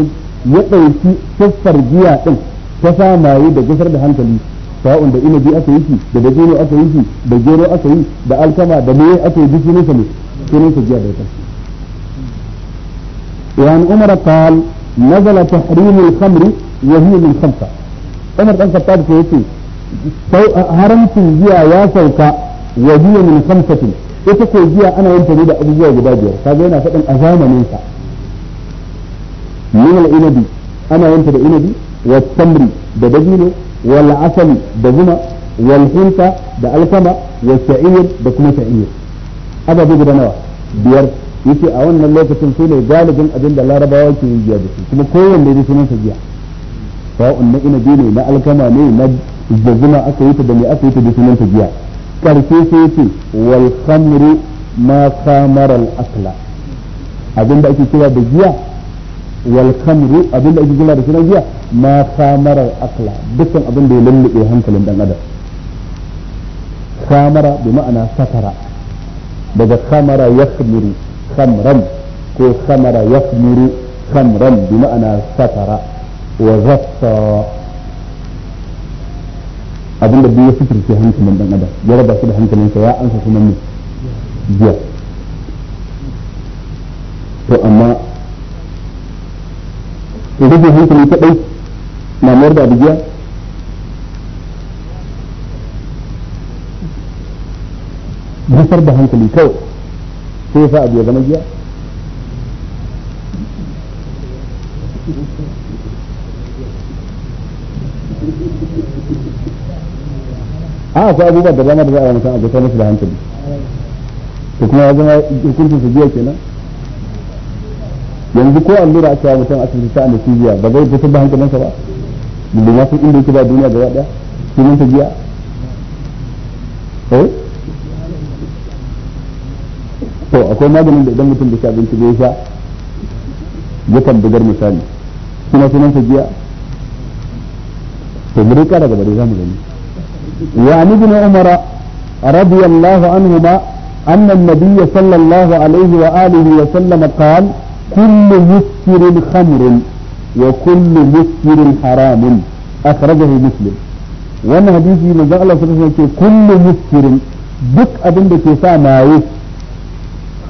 ya dauki siffar giya din ta yi da gusar da hankali sa'un da inabi aka yi shi da dabino aka yi shi da gero aka yi da alkama da ne aka yi duk ne sai ne sunan giya da وعن عمر قال نزل تحريم الخمر وهي من خمسة عمر بن الخطاب كيتي haramcin jiya ya sauka wa biyu min khamsatin ita ko giya ana yin ta da abubuwa guda biyar kaga yana faɗin a zamanin sa min al-inabi ana yin da inabi wa da dabino wala asali da zuma wal hinta da alkama wa sha'ir da kuma sha'ir ababe guda nawa biyar yace a wannan lokacin su ne galibin abin da larabawa ke yi jiya da su kuma kowanne da sunan sa giya sa'un na inabi ne na alkama ne na jazuma aka yi ta da me aka yi ta da sunan sa giya karshe sai yace wal khamru ma khamara akala abin da ake kira da jiya wal khamru abin da ake kira da sunan giya ma khamara al dukkan abin da ya lullube hankalin dan adam khamara bi ma'ana satara daga khamara yakhmiru samran ko samara ya samuru samran bi ma'ana satara wa zafta abin da biyu fitar ke hankalin dan adam ya raba su da hankalin sa ya ansa kuma ne biya to amma to duk hankalin ta dai na mayar da biya zafar da hankali kawai sai yasa abu ya zama giya a akwai abubuwa da dama da za a yi abu ta musu da hankali ko kuma ya zama hukuncin su biya kenan yanzu ko allura aka yi mutum asibiti ta anesthesia ba zai fitar da hankalinsa ba lima sun inda yake ba duniya gaba daya sunan ta biya eh to akwai maganin da idan mutum da sha abinci bai sha yakan bugar misali suna sunan sa giya to mu rika daga bare za mu gani wa an ibn umara radiyallahu anhuma أن النبي صلى الله عليه وآله وسلم قال كل مسكر خمر وكل مسكر حرام أخرجه مسلم وأن حديثي من الله صلى الله عليه وسلم كل مسكر دك أبن بك سامعه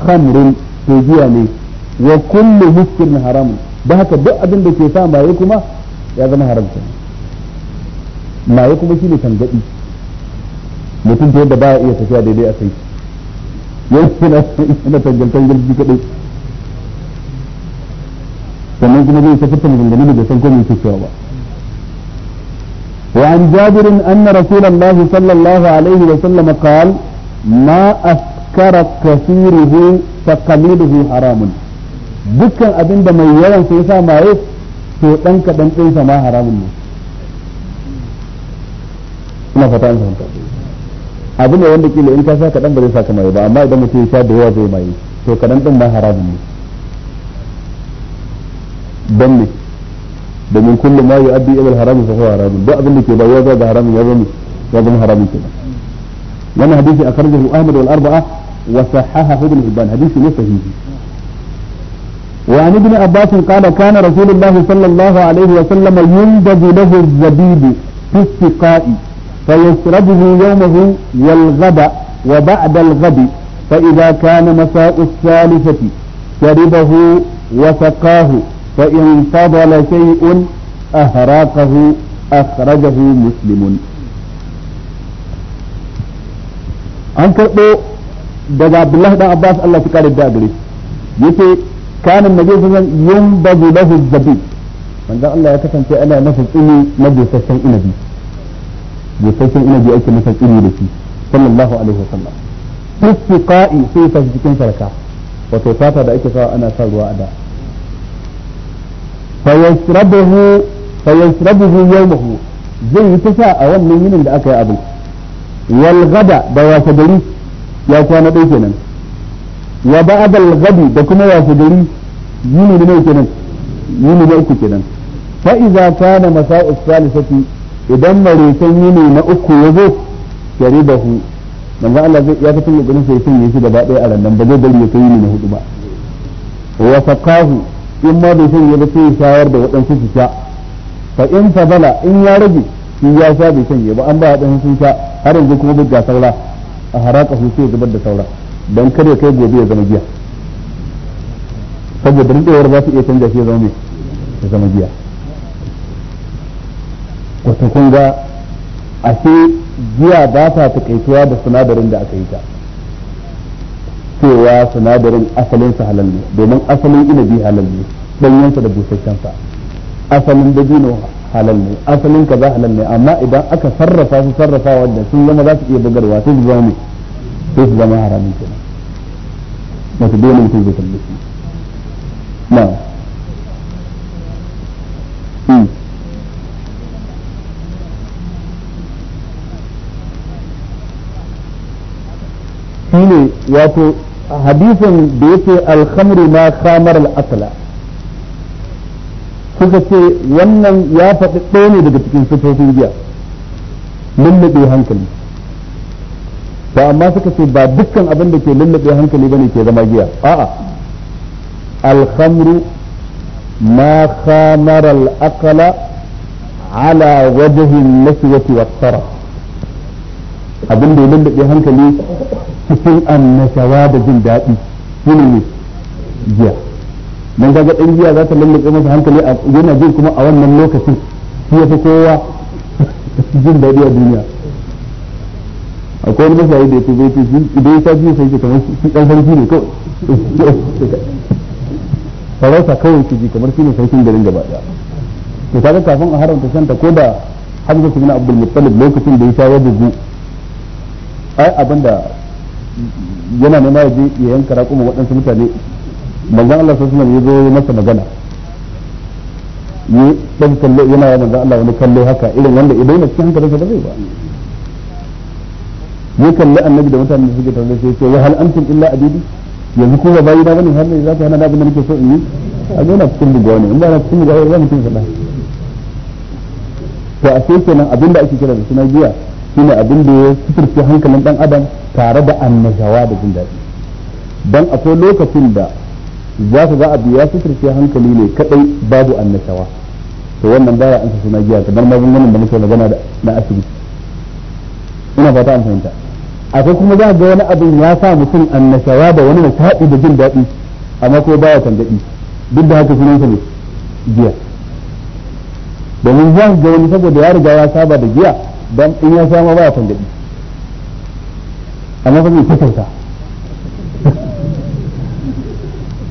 خمر في عليه وكل مسكر حرام ده هكا دو أدن ده كيسا ما يكما يا زمان حرام ما يكما شيء لسان جئي لكن تيد دباء يسكي عدي دي أسي يسكي نسكي نتنجل تنجل جيكا دي سنة كما جئي سكتا من جنجل دي سنكو من سكتا وبا وعن جابر أن رسول الله صلى الله عليه وسلم قال ما askara kasiruhu fa qaliluhu haramun dukkan abin da mai yawan sai sa maye to dan kadan din sa ma haramun ne ina fata an san abin da wanda kila in ka sa kadan ba zai saka maye ba amma idan mutum ya sha da yawa zai maye to kadan din ma haramun ne dan ne domin kullum ma yu'addi ila al-haram fa huwa haramun duk abin da ke bayuwa ga haramun ya zama ya zama haramun kenan وانا حديث اخرجه احمد والاربعه وصححه ابن حبان حديث ليس صحيح وعن ابن عباس قال كان رسول الله صلى الله عليه وسلم يندب له الزبيب في السقاء فيشربه يومه والغد وبعد الغد فإذا كان مساء الثالثة شربه وسقاه فإن فضل شيء أهراقه أخرجه مسلم an karɓo daga abdullahi dan abbas Allah ya kare da gare yace kana nabi sallallahu alaihi wasallam yunbazu lahu zabib manzo Allah ya kasance ana masa tsini na busasshen inabi busasshen inabi ake masa tsini da shi sallallahu alaihi wasallam istiqa'i sai ta cikin sarka wato fata da ake sawa ana sa ruwa a da fa yashrabuhu fa yashrabuhu yawmahu zai yi ta sha a wannan yinin da aka yi abin walgada da washe gari ya kwana ɗaya kenan wa ba'd al gadi da kuma washe gari yini ne kenan yini ne uku kenan fa idza kana masa'u salisati idan maritan yini na uku yazo karibahu manzo Allah zai ya ya gani sai sun yi shi gaba ɗaya a randan ba zai bari ya kai yini na hudu ba wa in ma bai sanya ba sai shayar da waɗansu su sha fa in fadala in ya rage shi ya sha bai sanya ba an ba waɗansu sun sha har yanzu kuma duk ga saura a haraka su sai zubar da saura don kar ya kai gobe ya zama giya saboda rikewar za su iya canja shi ya zama ya zama giya wata kun ga ashe giya ba ta takaituwa da sinadarin da aka yi ta cewa sinadarin asalinsa halal ne domin asalin inabi halal ne ɗanyensa da busasshensa asalin dabino halal ne asalin ka za halal ne amma idan aka sarrafa su sarrafa wanda sun zama za su iya bugarwa sai su zama mai sai su zama haramun ke kenan wato dole mutum zai kalle su na'am shine wato hadisin da yake alhamru ma khamar al suka ce wannan ya faɗi ɗaya ne daga cikin sufofin giya lullube hankali ba amma suka ce ba dukkan abin da ke lullube hankali ba ne ke zama giya a'a alhamru ma khamara al'akala ala wajahin an wa wat abin da ya lullube hankali cikin annashawa da jin daɗi shine ne giya dan ga dan giya za ta lallabe masa hankali a yana jin kuma a wannan lokacin shi yafi kowa jin daɗi a duniya akwai wani masayi da ya fi zai fi shi idan ya sa biyu sai ke kamar shi ɗan sarki ne kawai farauta kawai ke ji kamar shi ne sarkin garin gaba ɗaya to kaga kafin a haramta shanta ko da hamza gina abdul muttalib lokacin da ya sha ya zu ai abinda yana nema ya je ya yanka raƙuma waɗansu mutane manzon Allah sallallahu alaihi wasallam ya zo masa magana yi dan kallo yana ya manzon Allah wani kallo haka irin wanda idan yana cikin hankalinsa ba zai ba ya kalli annabi da mutanen da suke tare da shi ce wa hal antum illa adidi yanzu ko ba bayi na bane har ne za ku hana da abin da nake so in yi a ga na cikin bugawa ne in ba na cikin bugawa ba mutum faɗa to a sai kenan abin da ake kira da suna giya shine abin da ya suturce hankalin dan adam tare da annajawa da jin daɗi dan akwai lokacin da za ka ga abu ya suturce hankali ne kadai babu annashawa to wannan baya an suna giya kamar magungunan da muke magana na asibiti ina fata an fahimta akwai kuma za ga wani abin ya sa mutum annashawa da wani nishaɗi da jin daɗi amma ko baya tangaɗi duk da haka sunan ne giya domin za ga wani saboda ya riga ya saba da giya dan in ya sha ma baya tangaɗi amma fa mai ta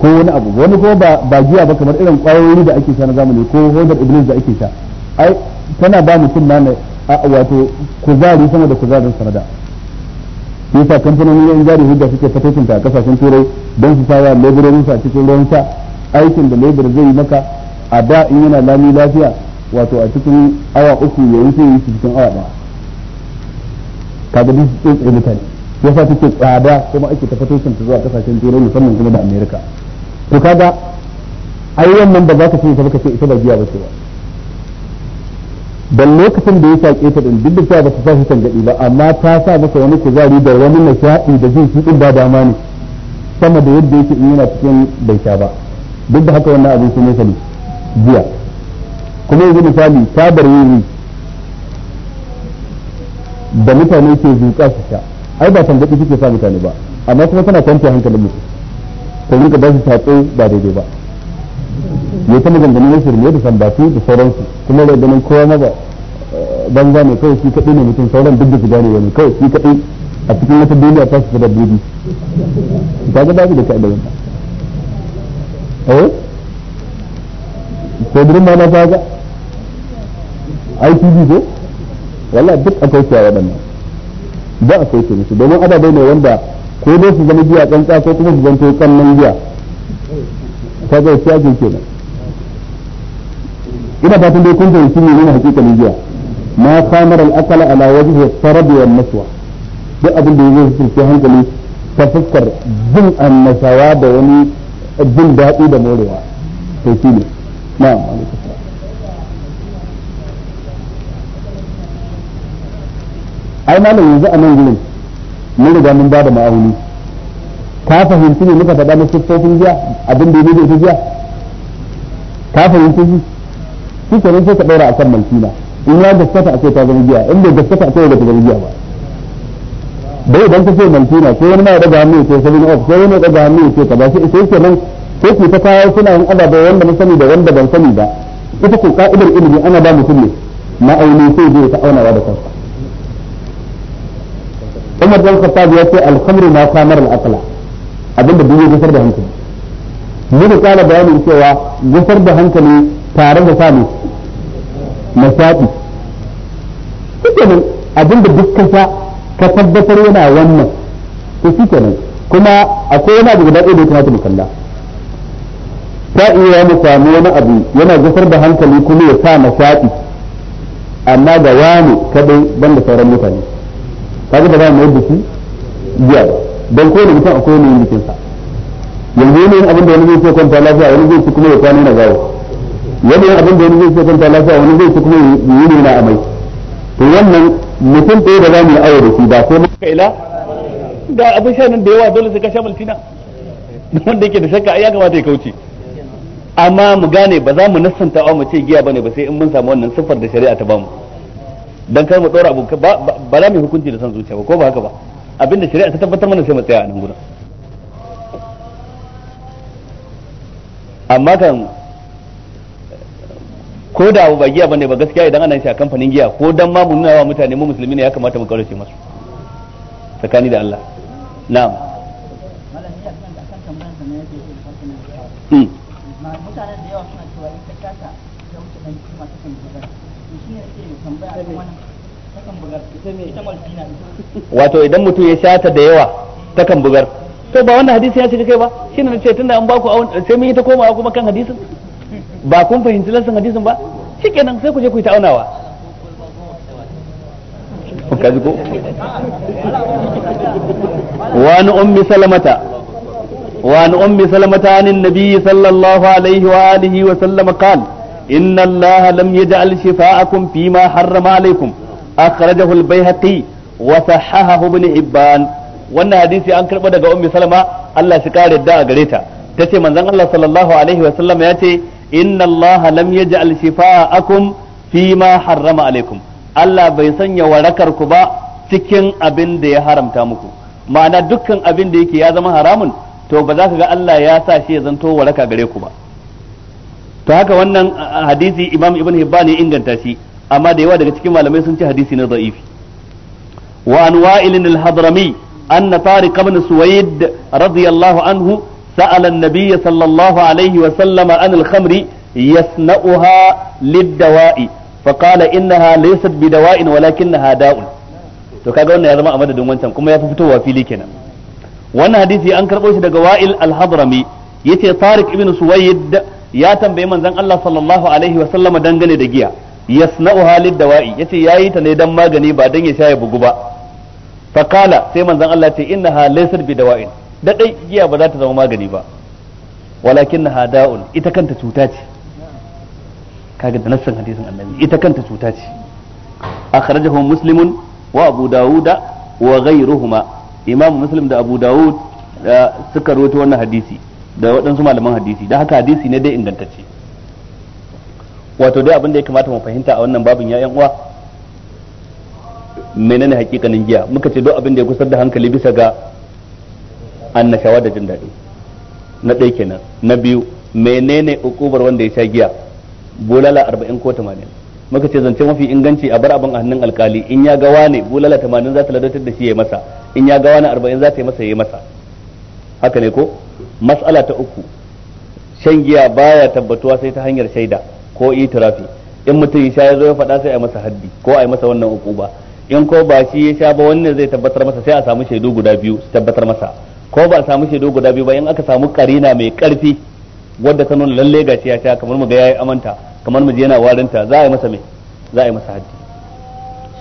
ko wani abu wani ko ba ba giya ba kamar irin kwayoyi da ake sha na zamani ko hodar iblis da ake sha ai tana ba mutum na wato kuzari sama da kuzarin sanada yasa kamfanonin yan jari hujja suke fatocin a kasashen turai don su sawa laborerin a cikin ruwan sa aikin da labor zai yi maka a da in yana lami lafiya wato a cikin awa uku ya yi sai yi cikin awa ɗaya kaga duk tsotsi mutane yasa suke tsada kuma ake ta zuwa kasashen turai musamman kuma da amerika to kaga ai wannan ba za ka cinye ta baka ce ita ba biya ba ce ba dan lokacin da ya sake ta din duk da ba ta sa shi gadi ba amma ta sa maka wani kuzari da wani nishaɗi da jin shi ba dama ne sama da yadda yake in yana cikin bai sha ba duk da haka wannan abin shi ne sani jiya kuma yanzu misali bar wuri da mutane ke zuƙa su sha ai ba tangadi suke sa mutane ba amma kuma tana kwanciya hankalin mutum ko rinka ba su saƙo ba daidai ba ya ta maganganun na shirme da sambatu da sauransu kuma da ganin kowa maza eh, banza ne kawai shi kaɗai ne mutum sauran duk da su gane wani kawai shi kaɗai a cikin wata duniya ta su fi dabbobi ta ga babu da kaɗa wanda eh ko durin ma na ta ga ITV ko wallahi duk akwai ba a waɗannan ba akwai su musu domin ababai ne wanda ko dai su zama giya tsantsa ko kuma su zanto nan giya ta ga shi ake ina fatan dai kun fahimci ne ne hakikalin giya ma khamar al-aqal ala wajhi at-tarab wal naswa duk abin da ya yake cikin hankali ta fuskar jin annasawa da wani bin daɗi da morewa to shi ne na'am ai malam yanzu a nan gurin mun riga mun bada ma'auni ka fahimci ne muka faɗa na siffofin jiya abin da ya ita jiya ka fahimci shi shi kenan sai ka ɗaura kan malkina in ya gaskata a ce ta zama jiya in bai gaskata a ce ba ta zama jiya ba bai idan ka ce malkina ko wani ma ya daga hannu ya ce sabin of ko wani ya daga hannu ya ce ka ba shi sai nan sai ku ta kawo suna yin ababai wanda na sani da wanda ban sani ba ita ko ka'idar ilimi ana ba mutum ne ma'auni sai zai ta aunawa da kansa Umar bin Khattab ya ce al-khamru ma kamar al-aqla abinda duk ya gusar da hankali mu da kala bayanin cewa gusar da hankali tare da sami nishadi kike nan abinda dukkan sa ka tabbatar yana wannan to kike nan kuma akwai wani abu guda da ya mu kalla ta iya mu sami wani abu yana gusar da hankali kuma ya sa nishadi amma ga wani kadai banda sauran mutane kaga ba za mu yadda shi biya ba don da mutum akwai yanayin jikinsa yanzu yanayin abin da wani zai ce kwanta lafiya wani zai ci kuma ya kwana na gawo yanayin abin da wani zai ce kwanta lafiya wani zai ci kuma ya yi nuna amai to wannan mutum ɗaya da za mu yi awo da shi ba mu ka ila ga abin sha nan da yawa dole sai ka sha maltina wanda yake da shakka ai ya kamata ya kauce amma mu gane ba za mu nassanta awa mu ce giya bane ba sai in mun samu wannan siffar da shari'a ta bamu dan kar mu dora abu ba za mu hukunci da san zuciya ba ko ba haka ba abinda shari'a ta tabbatar mana sai mu tsaya a nan gurin amma kan ko da abu ba giya bane ba gaskiya idan ana shi a kamfanin giya ko dan ma mu nuna wa mutane mu musulmi ne ya kamata mu kaurace masu tsakani da Allah na'am mutane da wato idan mutum ya shata da yawa ta kan bugar to ba wannan hadisi ya shiga kai ba ce tun tunda an baku awon sai mun yi ta komawa kuma kan hadisin ba kun fahimci lansan hadisin ba kenan sai ku je ku yi ta wani ummi salamata wani an ummi salamata nin nabi sallallahu alaihi wa alihi wa sallama kan إن الله لم يجعل شفاءكم فيما حرم عليكم أخرجه البيهقي وصححه ابن حبان wannan hadisi an karɓa daga ummi salama Allah shi kare da a gare ta ce manzan Allah sallallahu alaihi wa sallam ya ce inna Allah lam yaj'al shifa'akum fi ma harrama alaikum Allah bai sanya warakar ku ba cikin abin da ya haramta muku ma'ana dukkan abin da yake ya zama haramun to ba za ka ga Allah ya sa shi ya zanto waraka gare ku ba to haka wannan hadisi imam ibn hibban ya inganta shi amma da yawa daga cikin malamai sun ce hadisi na da'ifi wa an wa'il al-hadrami anna tariq ibn suwaid radiyallahu anhu sa'ala an-nabiy sallallahu alaihi wa sallama an al khamr yasna'uha lid-dawa'i فقال انها ليست بدواء ولكنها da'un to kaga wannan ya zama a madadin wancan kuma ya fi fitowa fili kenan wannan hadisi an karbo shi daga Wa'il al-Hadrami yace Tariq ibn Suwayd ya tambayi manzon Allah sallallahu alaihi wa sallama dangane da giya yasna'u halid dawa'i yace yayi ta ne dan magani ba dan ya sha ya bugu ba fakala sai manzon Allah ce ha laysat bi dawa'in da dai giya ba za ta zama magani ba walakin hada'un ita kanta cuta ce kaga da nassan hadisin annabi ita kanta cuta ce akhrajahu muslimun wa abu da'ud wa ghayruhuma imam muslim da abu daud eh, suka rawaito wannan hadisi da waɗansu malaman hadisi da haka hadisi ne dai ingantacce wato dai abin da ya kamata mu fahimta a wannan babin ya uwa menene hakikanin giya muka ce duk abin da ya kusar da hankali bisa ga annashawa da jin daɗi na ɗaya kenan na biyu menene ukubar wanda ya sha giya bulala arba'in ko tamanin muka ce zance mafi inganci a bar abin a hannun alkali in ya ga wane bulala tamanin za ta ladatar da shi ya masa in ya ga wane arba'in za ta yi masa ya masa haka ne ko mas'ala ta uku shan giya baya tabbatuwa sai ta hanyar shaida ko itirafi in mutum ya sha ya zo ya faɗa sai a masa haddi ko a yi masa wannan uku ba in ko ba shi ya sha ba wannan zai tabbatar masa sai a samu shaidu guda biyu su tabbatar masa ko ba a samu shaidu guda biyu ba in aka samu karina mai karfi wadda ta nuna lalle gashi ya sha kamar mu ga yayi amanta kamar mu je yana warinta za a yi masa mai za a yi masa haddi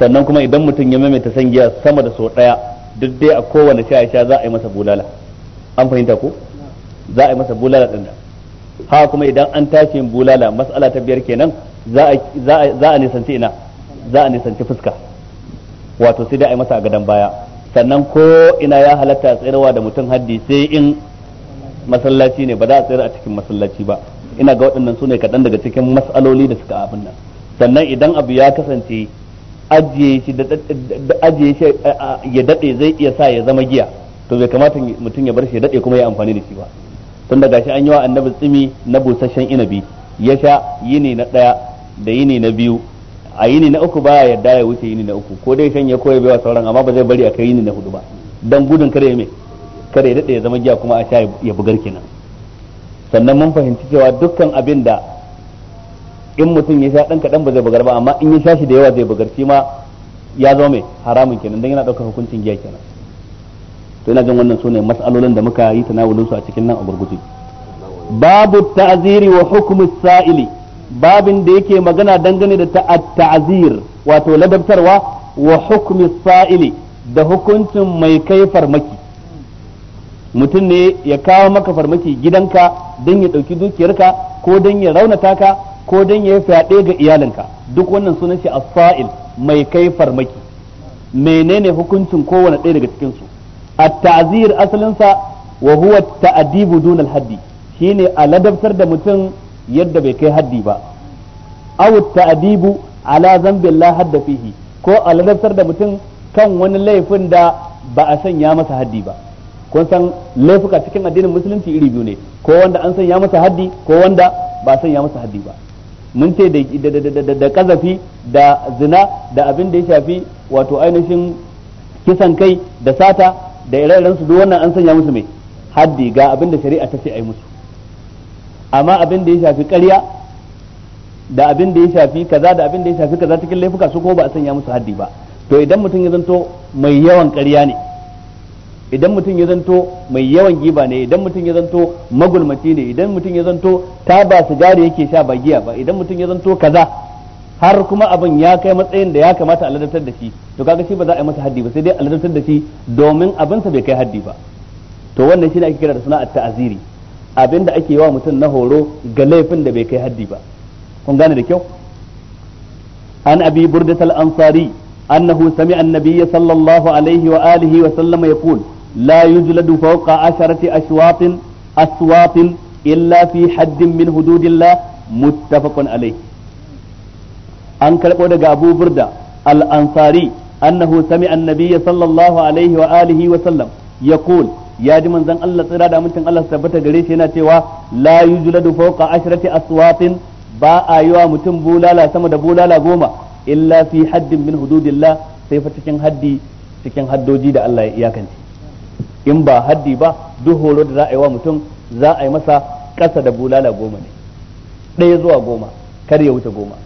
sannan kuma idan mutum ya maimaita san giya sama da sau daya duk dai a kowane sha ya sha za a yi masa bulala an fahimta ko za a yi masa bulala ɗin nan ha kuma idan an tashi yin bulala mas'ala ta biyar kenan za a nisanci ina za a nisanci fuska wato sai dai a yi masa a gadon baya sannan ko ina ya halatta a tsayarwa da mutum haddi sai in masallaci ne ba za a tsayar a cikin masallaci ba ina ga waɗannan su ne kaɗan daga cikin mas'aloli da suka abin nan sannan idan abu ya kasance ajiye shi ya daɗe zai iya sa ya zama giya to bai kamata mutum ya bar shi ya daɗe kuma ya amfani da shi ba tun da gashi an yi wa annabi tsimi na busasshen inabi ya sha yini na ɗaya da yini na biyu a yini na uku baya yarda ya wuce yini na uku ko dai shan ya koya baiwa sauran amma ba zai bari a kai yini na hudu ba dan gudun kare ya mai kare ya daɗe ya zama giya kuma a sha ya bugar kenan sannan mun fahimci cewa dukkan abin da in mutum ya sha dan kaɗan ba zai bugar ba amma in ya sha shi da yawa zai bugar shi ma ya zama mai haramun kenan dan yana ɗaukar hukuncin giya kenan to ina jin wannan sune mas'alolin da muka yi tanawulin su a cikin nan a gurguje babu ta'ziri wa hukmu sa'ili babin da yake magana dangane da ta'azir wato ladabtarwa wa hukmi sa'ili da hukuncin mai kai farmaki mutum ne ya kawo maka farmaki gidanka don ya ɗauki dukiyarka ko don ya raunata ka ko don ya fyaɗe ga iyalinka duk wannan sunan shi as-sa'il mai kai farmaki menene hukuncin kowane ɗaya daga su at-ta'zir asalinsa wa huwa ta'dibu dun al-haddi shine a ladabtar da mutum yadda bai kai haddi ba aw ta'dibu ala zambin la hadda fihi ko a ladabtar da mutum kan wani laifin da ba a sanya masa haddi ba kun san laifuka cikin addinin musulunci iri biyu ne ko wanda an sanya masa haddi ko wanda ba sanya masa haddi ba mun ce da kazafi da zina da abin da ya shafi wato ainihin kisan kai da sata da irin su duk wannan an sanya musu mai haddi ga abin da shari'a ta ce ai musu amma abin da ya shafi ƙarya da abin da ya shafi kaza da abin da ya shafi kaza cikin laifuka su ko ba a sanya musu haddi ba to idan mutum ya zanto mai yawan ƙarya ne idan mutum ya zanto mai yawan giba ne idan mutum ya zanto magulmaci ne idan mutum ya zanto taba sigari yake sha ba giya ba idan mutum ya zanto kaza har kuma abin ya kai matsayin da ya kamata a ladabtar da shi to kaga shi ba za a yi masa haddi ba sai dai a ladabtar da shi domin abinsa bai kai haddi ba to wannan shine ake kira da suna at-ta'ziri abin da ake yi wa mutum na horo ga laifin da bai kai haddi ba kun gane da kyau an abi burdat al-ansari annahu sami an-nabiy sallallahu alaihi wa alihi wa sallama yaqul la yujladu fawqa asharati ashwatin aswatin illa fi haddin min hududillah muttafaqun alaihi an karɓo daga Abu Burda al-Ansari annahu sami annabiyya sallallahu alaihi wa alihi wa sallam yaqul ya ji manzan Allah tsira da amincin Allah tabbata gare shi yana cewa la yujladu fawqa ashrati aswatin ba a yi mutum bulala sama da bulala goma illa fi haddin min hududillah sai fa cikin haddi cikin haddoji da Allah ya iyakance in ba haddi ba duk horo da za a yi wa mutum za a yi masa ƙasa da bulala goma ne ɗaya zuwa goma kar ya wuce goma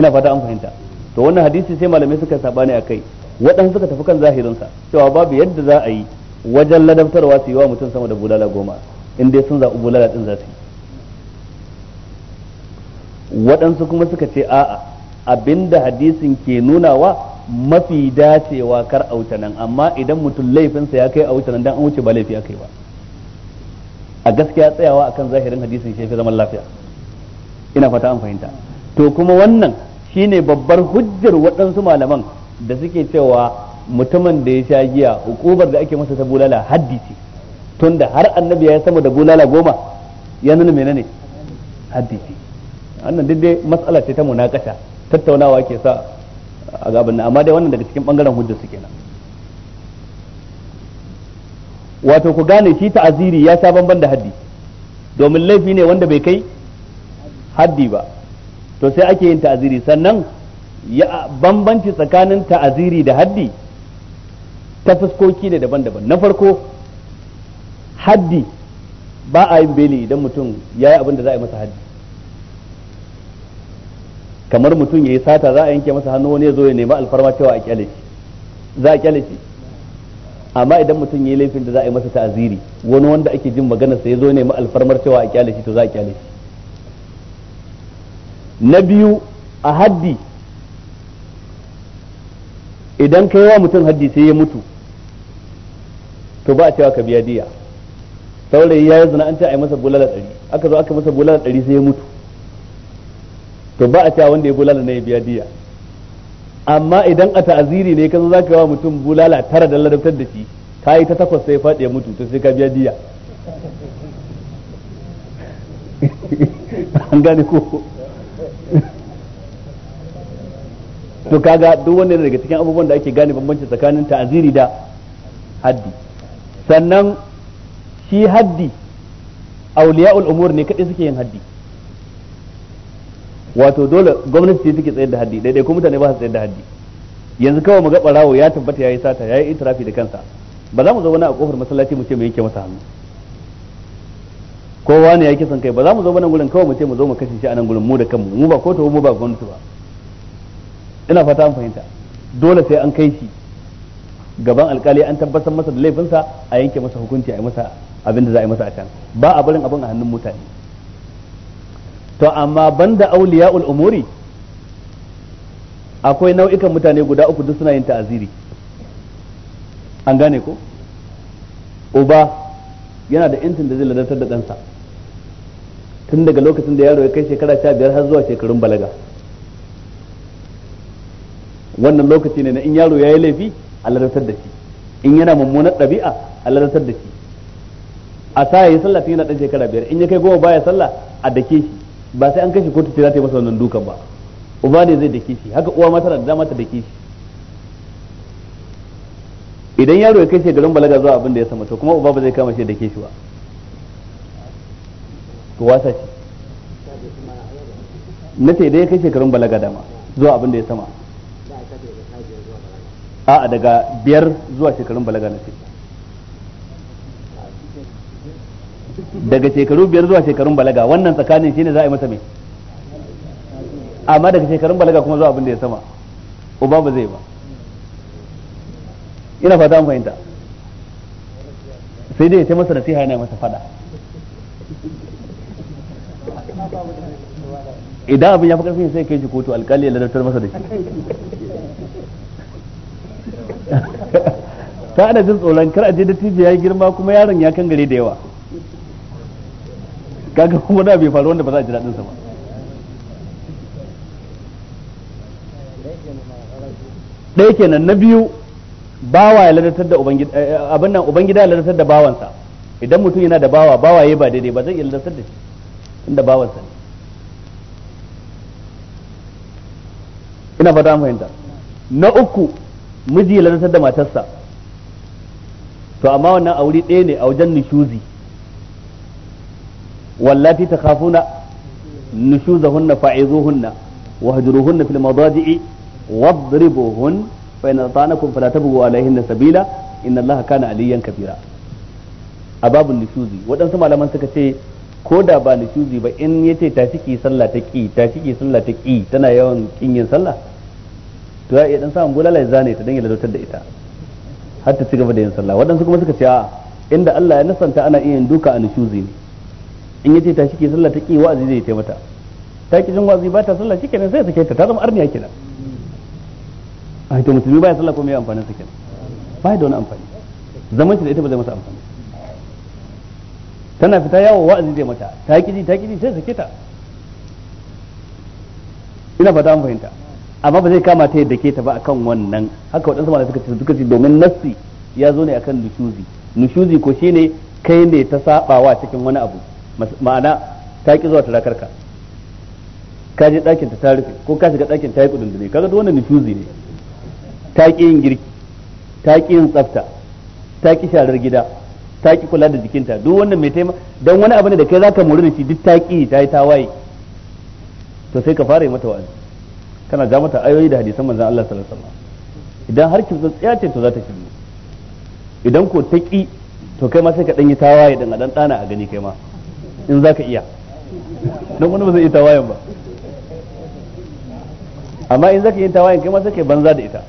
ina fata an fahimta to wannan hadisi sai malamai suka sabani akai waɗansu suka tafi kan zahirinsa cewa babu yadda za a yi wajen ladabtarwa su yi wa mutum sama da bulala goma in dai sun zaɓi bulala ɗin za su yi waɗansu kuma suka ce a'a abinda hadisin ke nunawa mafi dacewa kar a nan amma idan mutum laifinsa ya kai a nan dan an wuce ba laifi akai ba a gaskiya tsayawa akan zahirin hadisin shi fi zaman lafiya ina fata an fahimta to kuma wannan shine babbar hujjar waɗansu malaman da suke cewa mutumin da ya sha giya hukubar da ake masa ta bulala haddi ce tunda har annabi ya sama da bulala goma ya nuna menene haddi ce wannan dai matsala ce ta munakasha tattaunawa ke sa a gaban na amma dai wannan daga cikin bangaren hujjar su kenan wato ku gane shi ta'aziri ya sha bamban da haddi domin laifi ne wanda bai kai haddi ba to sai ake yin ta'aziri sannan ya bambanci tsakanin ta'aziri da haddi ta fuskoki ne daban-daban na farko haddi ba a yin beli idan mutum ya yi abin da za a yi masa haddi kamar mutum ya yi sata za a yanke masa hannu wani ya zo ya nemi alfarma cewa a kyale shi za a kyale shi amma idan mutum ya yi laifin da za a yi masa ta'aziri wani wanda ake jin maganarsa ya zo ya nemi alfarmar cewa a kyale shi to za a kyale shi na biyu a haddi idan kai wa mutum haddi sai ya mutu to ba a cewa ka biya diya saurayi ya yi zina an ce a yi masa bulala ɗari aka zo aka masa bulala ɗari sai ya mutu to ba a cewa wanda ya bulala na ya biya diya amma idan a ta'aziri ne za zaka wa mutum bulala tara da ladabtar da shi ka yi ta takwas sai faɗi ya mutu to sai ka biya diya an gane ko to kaga duk wanda yana daga cikin abubuwan da ake gane bambanci tsakanin ta'aziri da haddi sannan shi haddi auliya'ul umur ne kadai suke yin haddi wato dole gwamnati ce take tsayar da haddi daidai ko mutane ba su tsayar da haddi yanzu kawai mu ga barawo ya tabbata yayi sata yayi itirafi da kansa ba za mu zo wani a kofar masallaci mu ce mu yanke masa hannu kowa ne ya kisan kai ba za mu zo wani gurin kawai mu ce mu zo mu kashe shi a nan gurin mu da kanmu mu ba ko ta mu ba gwamnati ba ina fata an fahimta dole sai an kai shi gaban alkali an tabbatar masa da laifinsa a yanke masa hukunci a yi masa abin da za a yi masa a can ba a barin abin a hannun mutane to amma banda ul umuri akwai nau'ikan mutane guda uku duk suna yin ta'aziri an gane ko uba yana da intin da zai ladatar da ɗansa tun daga lokacin da yaro ya kai shekara sha biyar har zuwa shekarun balaga wannan lokaci ne na in yaro yayi laifi a ladatar da shi in yana mummunar ɗabi'a a ladatar da shi a sa yayi sallah tun yana dan shekara biyar in ya kai goma baya sallah a dake shi ba sai an kashe kotu ta yi masa wannan dukan ba uba ne zai dake shi haka uwa ma da dama ta dake shi idan yaro ya kai shekarun balaga zuwa abin da ya sama to kuma uba ba zai kama shi da shi ba to wasa ce na ce idan ya kai shekarun balaga dama zuwa abin da ya sama a'a daga biyar zuwa shekarun balaga na ce daga shekaru biyar zuwa shekarun balaga wannan tsakanin shine za a yi masa mai amma daga shekarun balaga kuma zuwa abin da ya sama uba ba zai ba ina fata an fahimta sai dai ya ce masa nasiha yana masa fada idan abin ya fi karfin sai kai shi kotu alkali ya ladatar masa da shi ta ana jin tsoron kar a je da tije ya girma kuma yaron ya kan gare da yawa kaga kuma da bai faru wanda ba za a ji daɗinsa ba ɗaya kenan na biyu bawa ya ladatar da ubangida eh, eh, abin nan ubangida ya ladatar da bawansa idan mutum yana da bawa bawa ya ba daidai ba zai iya ladatar da shi inda bawansa ne ina fata yanta na uku miji ya lantar da matarsa to amma wannan a wuri ɗaya ne a wajen nishuzi wallati ta kafuna wa fa'izuhunna wahjuruhunna fil madaji'i wadribuhun fa fara ta fala tabghu na sabila inna allaha kana aliyan kabira a babin nishuzi waɗansu malaman suka ce ko da ba nishuzi ba in yace tashi ki sallah ta ki ki sallah ta ki tana yawan kin yin sallah to ya iya dan samun bulala ya zane ta dan ya ladautar da ita har ta ci gaba da yin sallah waɗansu kuma suka ce a inda Allah ya nasanta ana iya yin duka a nushuzi ne in yace ta shike sallah ta ki wa'azi zai ta mata ta ki jin wa'azi ba ta sallah ne sai ta ke ta ta zama arniya kenan a to musulmi baya sallah ko me amfanin sa kenan ba da wani amfani zaman shi da ita ba zai masa amfani tana fita yawo wa'azi zai mata ta ki ji ta ki ji sai ke ta ina fata an fahimta amma ba zai kama ta yadda ke ta ba akan wannan haka waɗansu malamai suka ce suka ce domin nassi ya zo ne akan nushuzi nushuzi ko shine kai ne ta sabawa cikin wani abu ma'ana ta ki zuwa tarakar ka ka je ɗakin ta ta rufe ko ka shiga ɗakin ta yi kudin kaga wannan nushuzi ne ta ki yin girki ta ki yin tsafta ta ki sharar gida ta ki kula da jikinta duk wannan mai taimaka dan wani abu ne da kai zaka mori da shi duk ta ki ta yi tawaye to sai ka fara yi mata wa'azi kana ja mata ayoyi da hadisan manzon Allah sallallahu alaihi wasallam idan har ki tsaya ce to za ta shirye idan ko ta ki to kai ma sai ka dan yi tawaye dan dan dana a gani kai ma in za ka iya dan wani ba zai yi tawayen ba amma in za ka yi tawayen kai ma sai kai banza da ita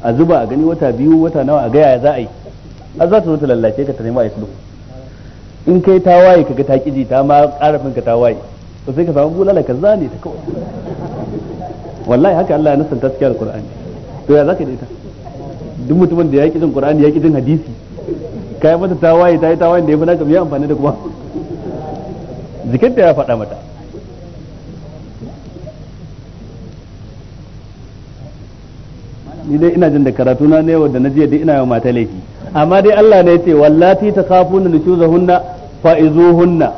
a zuba a gani wata biyu wata nawa a ga yaya za a yi a za ta zo ta lallace ka ta nemi a yi sulhu in kai tawaye kaga ta kiji ta ma karafin ka tawaye to sai ka samu bulala ka zane ta kawai wallahi haka Allah ya nasanta cikin alqur'ani to ya zaka dita ita duk mutumin da ya ki jin qur'ani ya ki jin hadisi kai mata ta yi ta waye da yafi naka biya amfani da kuma jikinta ya faɗa mata ni dai ina jin da karatu na ne wanda na jiya dai ina yawan mata laifi amma dai Allah ne yace wallati takhafuna nushuzahunna fa'izuhunna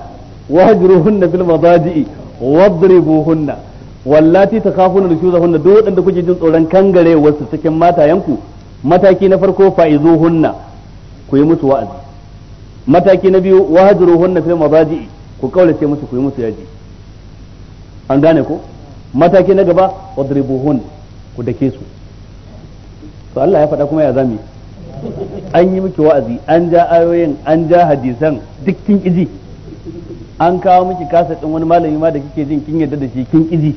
wahjuruhunna fil madaji'i wadribuhunna wallati takhafuna nushuzahunna duk waɗanda kuke jin tsoron kangare wasu cikin matayanku mataki na farko hunna ku yi musu wa'azi mataki na biyu hunna fil madaji'i ku kaulace musu ku yi musu yaji an gane ko mataki na gaba wadribuhun ku dake su to Allah ya faɗa kuma ya zame an yi miki wa'azi an ja ayoyin an ja hadisan duk kin kiji an kawo miki kasa din wani malami ma da kike jin kin yadda da shi kin kiji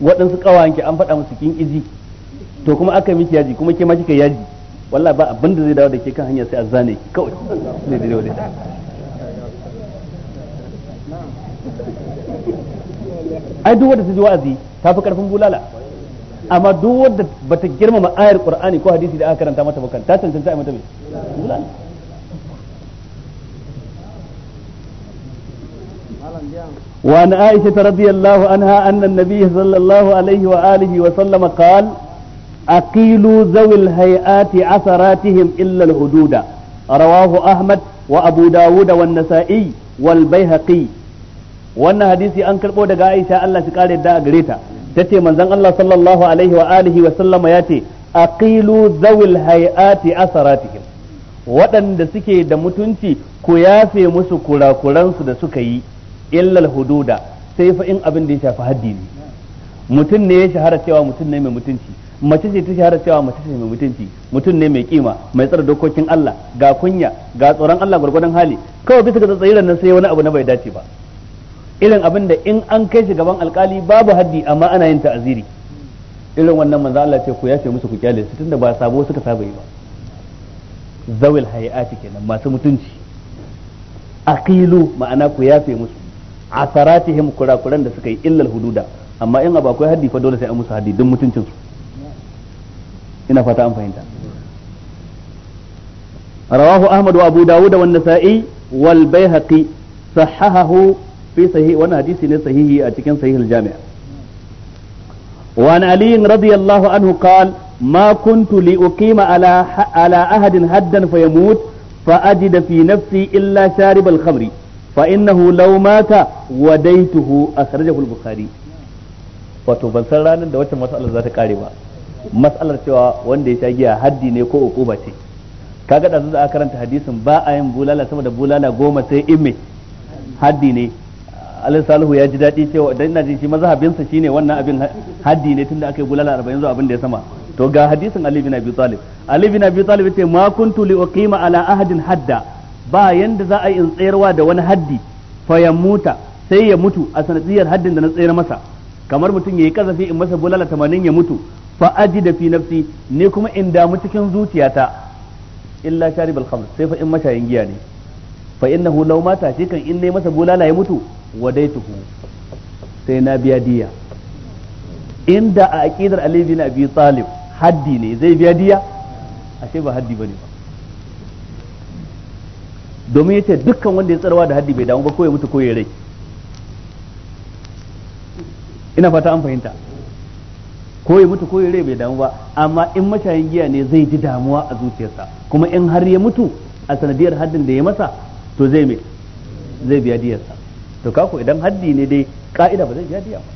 waɗansu ƙawayenki an faɗa musu kin iji to kuma aka miki yaji kuma ke ma kika yaji wallahi ba abin da zai dawo da ke kan hanya sai a zane ki kawai ne da yau da ai duk wanda ta ji wa'azi ta fi karfin bulala amma duk wanda bata girmama ayar qur'ani ko hadisi da aka karanta mata bakan ta cancanta ai mata me bulala malam وعن عائشة رضي الله annan أن النبي صلى الله عليه وآله وسلم قال أقيلوا ذوي الهيئات عثراتهم إلا الهدود رواه أحمد وأبو داود والنسائي والبيهقي wannan hadisi an karɓo daga Aisha Allah shi kare da a gare ta tace manzon Allah sallallahu alaihi wa alihi wa sallama yace aqilu zawil hayati asaratihim waɗanda suke da mutunci ku yafe musu kurakuransu da suka yi illal hududa sai fa in abin da ya shafi haddi ne mutum ne ya shahara cewa mutum ne mai mutunci mace ce ta shahara cewa mace ce mai mutunci mutum ne mai kima mai tsara dokokin Allah ga kunya ga tsoron Allah gwargwadon hali kawai bisa ga tsatsayiran nan sai wani abu na bai dace ba irin abin da in an kai shi gaban alkali babu haddi amma ana yin ta'aziri irin wannan manzo Allah ce ku yafe musu ku kyale su tunda ba sabo suka saba yi ba zawil hayati kenan masu mutunci aqilu ma'ana ku yafe musu asaratihim kurakuran da suka yi illal hududa amma in abakwai akwai haddi fa dole sai a musu haddi don mutuncin su ina fata an fahimta rawahu ahmad wa abu dawud wa an-nasa'i wal baihaqi sahahahu fi sahih hadisi ne sahihi a cikin sahih jami'a. jami wa an ali radiyallahu anhu qala ma kuntu li uqima ala ala ahadin haddan fayamut fa ajida fi nafsi illa sharibal khamri fa innahu law mata wadaituhu akhrajahu al-bukhari wato ban san ranar da wacce mas'alar za ta kare ba mas'alar cewa wanda ya sha giya haddi ne ko ukuba ce kaga da zuwa a karanta hadisin ba a yin bulala sama da bulala goma sai imme haddi ne alin salihu ya ji daɗi cewa dan ina jin shi mazhabinsa shine wannan abin haddi ne tunda aka yi bulala 40 zuwa abin da ya sama to ga hadisin Ali bin Abi Talib Ali bin Abi Talib ce ma kuntu li uqima ala ahadin hadda ba yanda za a yi in tsayarwa da wani haddi fa ya muta sai ya mutu a sanadiyar haddin da na tsayar masa kamar mutum ya yi kazafi in masa bulala tamanin ya mutu fa aji da fi nafsi ne kuma in damu cikin zuciyata illa sharibal khamr sai fa in mashayin giya ne fa innahu law mata shi kan in nayi masa bulala ya mutu wadaituhu sai na biya diya inda a aqidar Ali bin Abi Talib haddi ne zai biya diya ashe ba haddi bane ba domin yace dukkan wanda ya tsarwa da haddi bai damu ba ko ya mutu ko ya rai ina fata an fahimta ko ya mutu ko ya rai bai damu ba amma in mashayin giya ne zai ji damuwa a zuciyarsa kuma in har ya mutu a sanadiyar haddin da ya masa to zai mai zai biya diyarsa to kako idan haddi ne dai ka'ida ba zai biya diya ba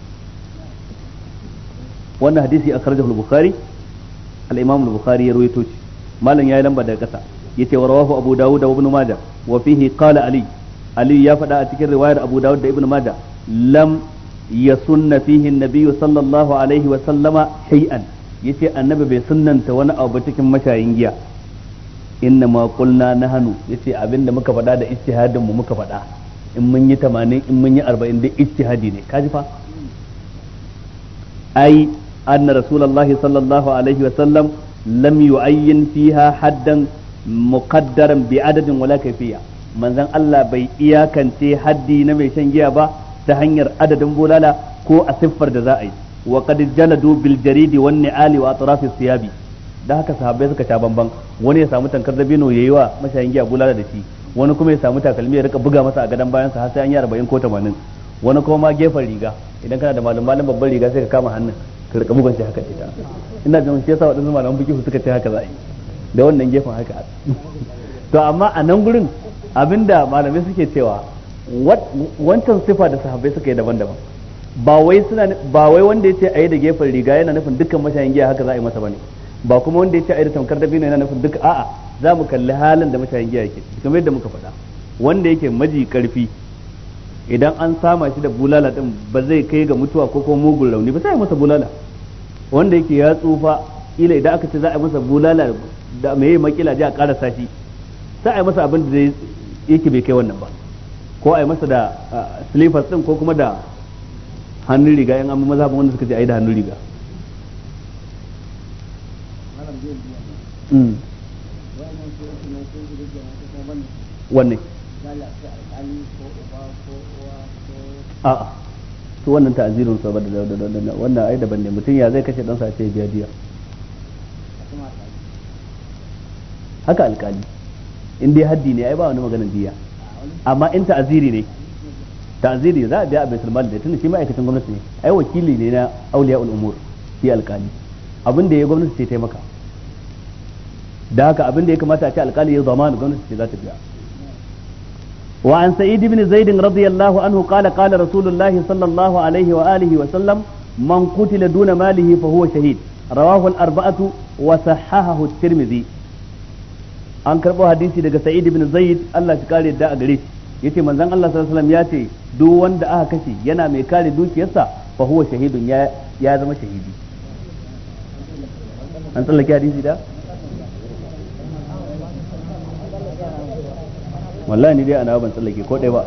wannan hadisi akhrajahu al-bukhari al-imam al-bukhari ya rawaito shi malam yayi lamba daga kasa yace wa rawahu abu dawud da ibnu majah wa fihi qala ali ali ya faɗa a cikin riwayar abu dawud da ibnu majah lam ya yasunna fihi an-nabiy sallallahu alaihi wa sallama shay'an yace annabi bai sunnanta wani abu cikin mashayin giya inna ma qulna nahnu yace abinda muka faɗa da ijtihadin mu muka faɗa in mun yi 80 in mun yi 40 dai ijtihadi ne kaji fa ai anna rasulullahi sallallahu alaihi wa sallam lam yu'ayyin fiha haddan muqaddaran bi adadin wala kayfiya manzon Allah bai iyakance haddi na mai shan giya ba ta hanyar adadin bulala ko a siffar da za a yi wa qad jaladu bil jaridi wan ni'ali wa atrafi siyabi da haka sahabbai suka ta bamban wani ya samu tankar dabino yayi wa mashayin giya bulala da shi wani kuma ya samu takalmi ya rika buga masa a gadon bayansa har sai an yi 40 ko 80 wani kuma ma gefen riga idan kana da malum malam babban riga sai ka kama hannun ka rika bugan shi haka ita ina jin shi yasa wadannan malaman su suka ce haka za a yi da wannan gefen haka to amma a nan gurin abinda malamai suke cewa wancan sifa da sahabbai suka yi daban-daban ba wai suna ba wai wanda yace ayi da gefen riga yana nufin dukkan mashayin giya haka za a yi masa bane ba kuma wanda yace ayi da tamkar dabino yana nufin duka a'a za mu kalli halin da mashayin giya yake kamar yadda muka faɗa wanda yake maji karfi idan an sama shi da bulala din ba zai kai ga mutuwa ko kuma mugun rauni ba sai masa bulala wanda yake ya tsufa ila idan aka ce za a yi masa bulala da yi makila ji a ƙara sashi sai a yi masa abin da zai yake bai kai wannan ba ko a yi masa da slippers din ko kuma da hannun riga yan amma maza wanda suka ce yi da hannun riga mm. wannan a'a to wannan ta'azirin sa da wannan ai daban ne mutum ya zai kashe dan sa ce biya biya haka alkali in dai haddi ne ai ba wani maganar diya amma in ta'aziri ne ta'aziri za a biya a baitul mal da tunda shi ma'aikacin gwamnati ne ai wakili ne na ul umur shi alkali abin da ya gwamnati ce taimaka da haka abin da ya kamata a ce alkali ya zama da gwamnati ce za ta biya wa an sa'id ibn zaid radiyallahu anhu qala qala rasulullahi sallallahu alaihi wa alihi wa sallam man qutila duna malihi fa huwa shahid rawahu al arba'atu wa sahahahu at-tirmidhi an karɓo hadisi daga sa'id ibn zayd Allah shi kare da a gare shi yace manzon Allah sallallahu alaihi wasallam ya ce duk wanda aka kashe yana mai kare dukiyarsa fa huwa shahidun ya ya zama shahidi an tsallake hadisi da wallahi ni dai ana ban tsallake ko ɗaya ba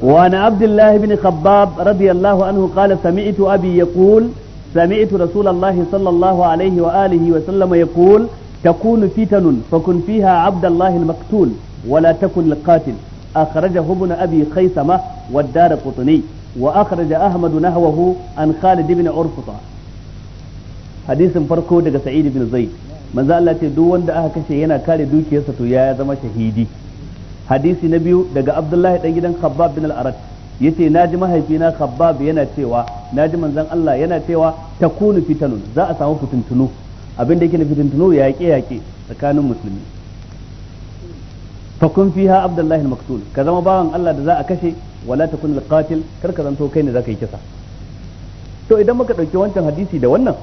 وعن عبد الله بن خباب رضي الله عنه قال سمعت أبي يقول سمعت رسول الله صلى الله عليه وآله وسلم يقول تكون فتن فكن فيها عبد الله المقتول ولا تكن القاتل أخرجه ابن أبي خيثمة والدار قطني وأخرج أحمد نهوه عن خالد بن عرفطة حديث فرقه دقى سعيد بن زيد من ذا الله تدوان دقى كشي ينا كالي دوكي يستو يا زما شهيدي حديث نبي دقى عبد الله تنجدن خباب بن الأرد yace naji mahaifina khabbab yana cewa naji manzon Allah yana cewa takunu fitanun za a samu fitintunu abin da yake na fitintunu yaƙe yaƙe tsakanin musulmi fakun fiha abdullahi al-maktul ka zama bawan Allah da za a kashe wala takun al-qatil kar ka zanto kai ne zaka yi kisa to idan muka dauki wancan hadisi da wannan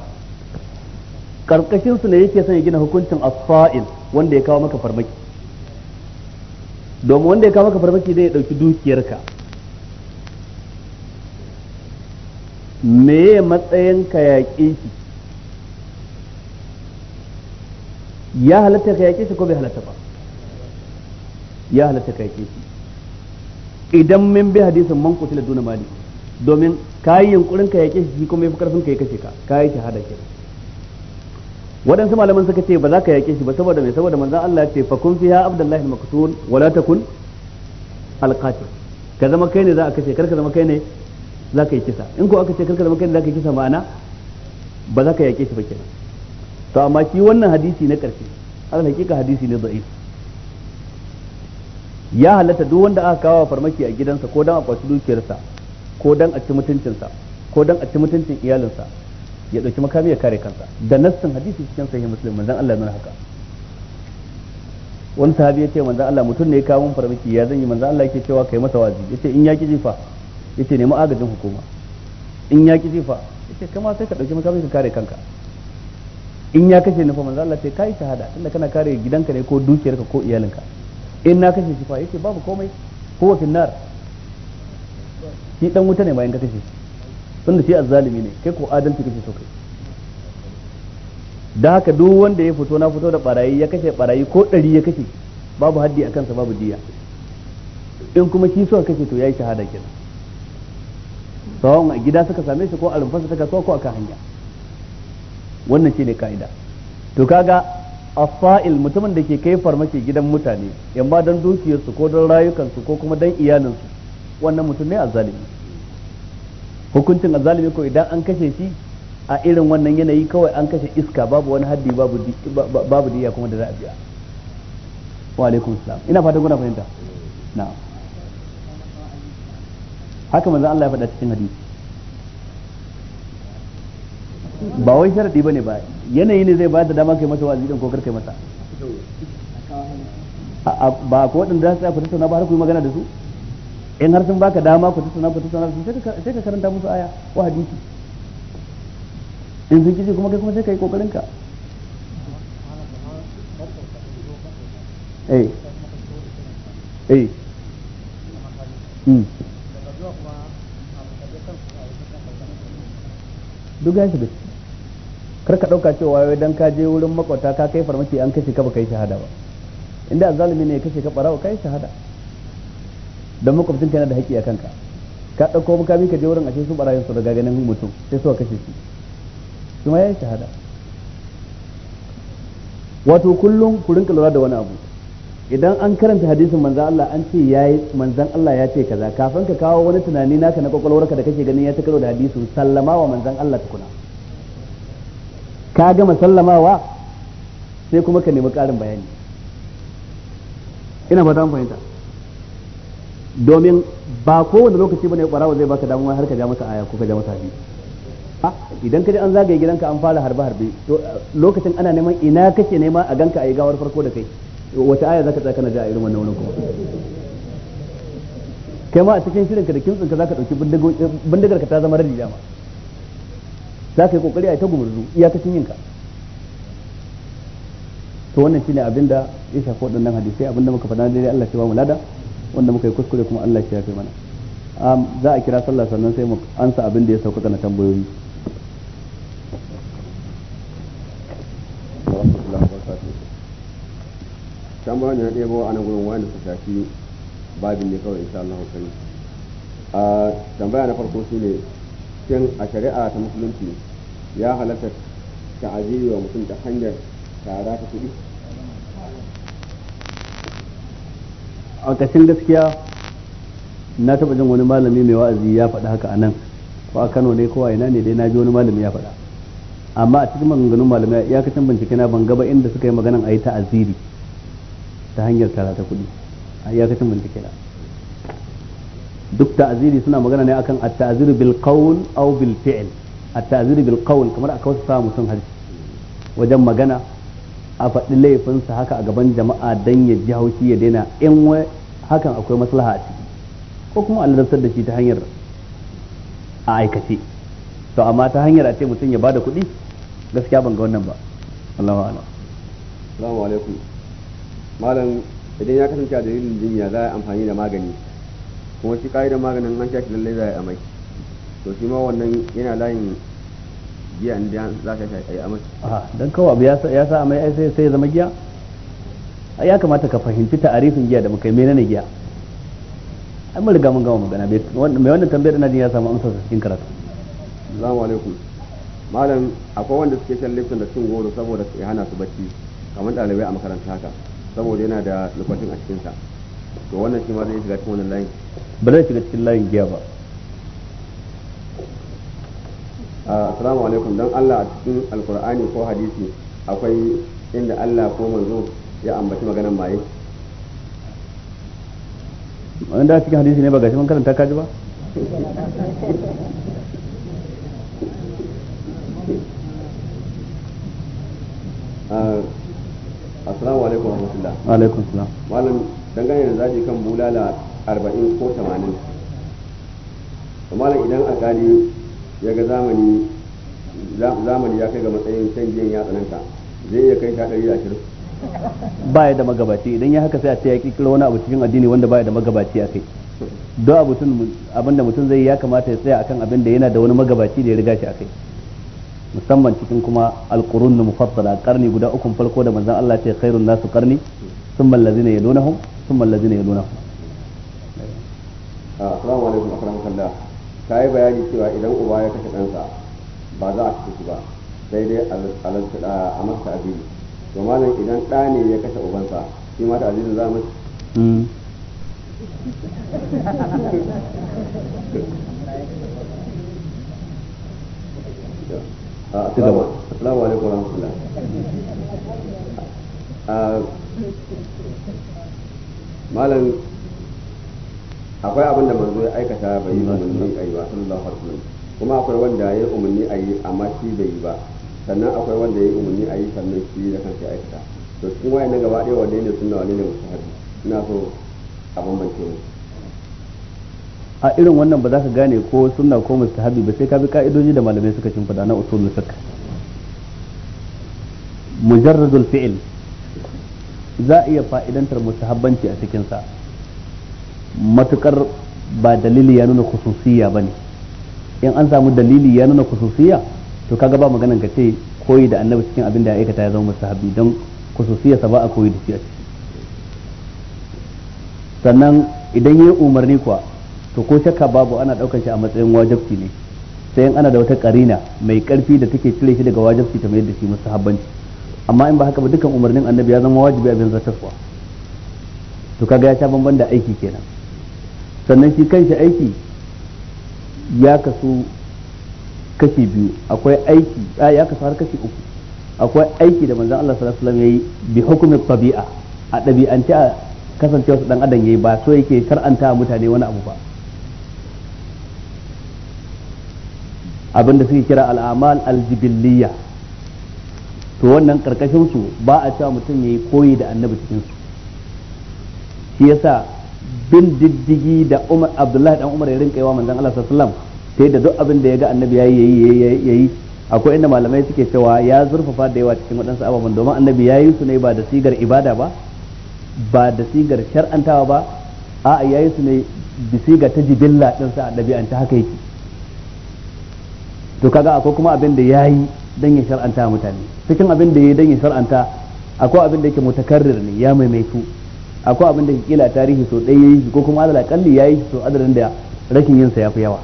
karkashin su ne yake son ya gina hukuncin as-sa'il wanda ya kawo maka farmaki domin wanda ya kawo maka farmaki zai dauki dukiyarka meye matsayin ka yaƙe shi ya halatta ka yaƙe shi ko bai halatta ba ya halatta ka yaƙe shi idan min bi hadisin man kutila duna mali domin ka yi yunkurin ka yaƙe shi kuma yafi karfin ka ya kashe ka ka yi shahada ke waɗansu malaman suka ce ba za ka yaƙe shi ba saboda mai saboda manzan Allah ya ce fa kun fiya abdullahi al-maktul wala takun al-qatil ka zama kai ne za a kashe kar ka zama kai ne za ka yi kisa in ko aka ce karka zama kai za ka yi kisa ma'ana ba za ka yake shi ba kenan to amma shi wannan hadisi na ƙarshe al hakika hadisi ne da'if ya halatta duk wanda aka kawo farmaki a gidansa ko dan a kwaci dukiyarsa ko dan a ci mutuncinsa ko dan a ci mutuncin iyalinsa ya dauki makami ya kare kansa da nassin hadisi cikin sahih muslim manzon Allah nuna haka wani sahabi ya ce manzon Allah mutum ne ya kawo farmaki ya zanyi manzon Allah yake cewa kai masa wazi yace in ya ki jifa yace nemi agajin hukuma in ya ki jifa yace kama sai ka dauki makami ka kare kanka in ya kashe ni fa manzo Allah sai kai shahada tunda kana kare gidanka ne ko dukiyarka ko iyalinka in na kashe shi fa yace babu komai huwa finnar shi dan wuta ne bayan ka kashe tunda shi azzalimi ne kai ko adalci kake so kai da haka duk wanda ya fito na fito da barayi ya kashe barayi ko dari ya kashe babu haddi a kansa babu diya in kuma shi so kashe to yayi shahada kenan tsawon a gida suka same shi ko a su ta kasuwa ko a kan hanya wannan shi ne ka'ida to kaga a fa'il mutumin da ke kai farmaki gidan mutane ba don dukiyarsu ko don rayukansu ko kuma don iyalinsu wannan mutum ne azzalimi hukuncin azzalimi ko idan an kashe shi a irin wannan yanayi kawai an kashe iska babu wani haddi babu babu kuma da za a biya wa alaikum salam ina fatan kuna fahimta na'am haka manzon Allah ya faɗa cikin hadisi ba wai sharadi bane ba yanayi ne zai bayar da dama kai masa wa zidan ko kar kai masa ba ko waɗanda za su tsaya ku tattauna ba har ku yi magana da su in har sun baka dama ku tattauna ku tattauna su sai ka karanta musu aya ko hadisi in sun kici kuma kai kuma sai ka yi kokarin ka eh eh hmm. duk ya shiga ciki kar ka dauka cewa wai dan ka je wurin makwata ka kai farmaki an kashe ka baka yi shahada ba inda zalimi ne ya kashe ka barawa kai shahada dan makwabcin ka yana da haƙƙi a kanka ka dauko mukami ka je wurin ashe su barayin su daga ganin mutum sai su kashe shi su ma yayi shahada wato kullum ku rinka lura da wani abu idan an karanta hadisin manzan Allah an ce yayi manzan Allah ya ce kaza kafin ka kawo wani tunani naka na kwakwalwarka da kake ganin ya ta karo da hadisin sallama wa manzan Allah tukuna ka gama sallamawa sai kuma ka nemi karin bayani ina fata an fahimta domin ba kowane lokaci bane barawa zai baka damuwa har ka ja masa aya ko ka ja masa hadisi ah, idan ka ji an zagaye gidanka an fara harbe harbe lokacin ana neman ina kake nema a ganka a yi gawar farko da kai wata aya zaka tsaya kana ji a irin wannan wurin kuma kai ma a cikin shirin ka da kintsin ka zaka dauki bindigar ka ta zama radi dama za ka yi kokari a ta gumurzu iyakacin yinka to wannan shine abinda ya shafi waɗannan hadisai abinda muka faɗa daidai Allah ya ba mu lada wanda muka yi kuskure kuma Allah ya shafe mana za a kira sallah sannan sai mu ansa abin da ya sauka na tambayoyi can ba na ɗebo a nan gurin da su shafi babin ne kawai insha Allah hukari a tambaya na farko ne shin a shari'a ta musulunci ya halatta ta'aziri wa mutum ta hanyar tara ta kuɗi a ƙashin gaskiya na taɓa jin wani malami mai wa'azi ya faɗi haka a nan ko a Kano ne ko a ina ne dai na ji wani malami ya faɗa amma a cikin maganganun malamai ya kacin bincike na ban gaba inda suka yi maganan a yi ta'aziri ta hanyar tara ta kuɗi a iyakacin bincike da, duk ta'aziri suna magana ne akan at-ta'ziru bil qawl aw bil fi'l at-ta'ziru bil qawl kamar aka wasa mutum sun harshe wajen magana a faɗi laifinsa haka a gaban jama'a dan ya ji haushi ya daina in wai hakan akwai maslaha a ciki ko kuma Allah zai da shi ta hanyar a aikace to amma ta hanyar a ce mutum ya bada kuɗi gaskiya ban ga wannan ba Allahu a'lam Assalamu alaikum malam idan ya kasance a dalilin jinya za a amfani da magani kuma shi da maganin an sha shi lallai za a yi amai to shi ma wannan yana layin giya inda za a sha shi amai a dan kawai abu ya sa amai ai sai sai zama giya ya kamata ka fahimci ta'arifin giya da muka yi menene giya an mu riga mun gama magana mai wannan tambayar ina jin ya samu amsar cikin karatu assalamu alaikum malam akwai wanda suke shan lifton da cin goro saboda ya hana su bacci kamar ɗalibai a makaranta haka saboda yana da lokacin a cikin sa to wannan shi ma zai shiga cikin wannan layin ba zai shiga cikin layin giya ba ah, assalamu alaikum dan Allah a cikin alkur'ani ko hadisi akwai inda Allah ko manzo ya ambaci maganar maye wanda cikin hadisi ne ba gashi mun karanta kaji ba uh, assalamu alaikum warahmatullah wa alaikum salam malam dangane da zaji kan bulala 40 ko 80 malam idan alkali ya ga zamani zamani ya kai ga matsayin canjin ya tsananta zai iya kai ta 120 baya da magabaci idan ya haka sai a ce ya kirkiro wani abu cikin addini wanda baya da magabaci a kai don abin da mutum zai ya kamata ya tsaya akan abin da yana da wani magabaci da ya riga shi a kai musamman cikin kuma alqurun mufassala karni guda ukun farko da manzon Allah ce khairun nasu karni thumma sun yalunahum thumma allazina yalunahum ah, assalamu alaikum akramukallah kai bayani cewa idan uba ya kashe ɗansa ba za a shi ba sai dai a masa abin to malam idan ɗa ne ya kashe ubansa shi ma ta azizin za mu hmm. Yeah. a ah, ci gaba assalamu alaikum warahmatullah ah, malam akwai abin da manzo ya aikata bai yi umarni a yi ba sallallahu alaihi wasallam kuma akwai wanda ya yi umarni a yi amma shi bai yi ba sannan akwai wanda ya yi umarni a yi sannan shi da kansa ya aikata to cikin wayan gaba ɗaya wanne ne sunna wanne ne mustahabi ina so a bambance mu a irin wannan ba za ka gane ko sunna ko mustahabi ba sai ka bi ka'idoji da malamai suka cin fada na usulul fiqh mujarradul fi'l za a iya fa'idantar mustahabbanci a cikin sa matukar ba dalili ya nuna khususiyya bane in an samu dalili ya nuna khususiyya to kaga ba maganan ka ce koyi da annabi cikin abin da ya aikata ya zama mustahabi don sa ba a koyi da shi sannan idan ya umarni kuwa to ko shakka babu ana daukar shi a matsayin wajabci ne sai in ana da wata karina mai karfi da take cire shi daga wajabci ta mai da shi mustahabbanci amma in ba haka ba dukkan umarnin annabi ya zama wajibi abin zartaswa to kaga ya sha banban da aiki kenan sannan shi kanshi aiki ya kasu kashi biyu akwai aiki ya kasu har kashi uku akwai aiki da manzon Allah sallallahu alaihi wasallam yayi bi hukumin tabi'a a dabi'ance a kasancewa su dan adam yayi ba so yake kar'anta mutane wani abu ba abinda suke kira al'amal aljibilliya to wannan karkashin su ba a cewa mutum yayi koyi da annabi cikin su shi yasa bin diddigi da Umar Abdullahi dan Umar ya rinka yawa manzon Allah sallallahu alaihi wasallam sai da duk abin da ya ga annabi yayi yayi yayi akwai inda malamai suke cewa ya zurfafa da yawa cikin wadansu ababan domin annabi yayi su ne ba da sigar ibada ba ba da sigar shar'antawa ba a'a yayi su ne bisiga ta jibilla din sa annabi an ta haka yake to kaga akwai kuma abin da yi don ya shar'anta mutane cikin abin da yi don ya shar'anta akwai abin da yake mutakarrir ne ya maimaitu akwai abin da kila tarihi so ɗaya ya shi ko kuma adala akalli ya shi so adadin da rashin yin sa fi yawa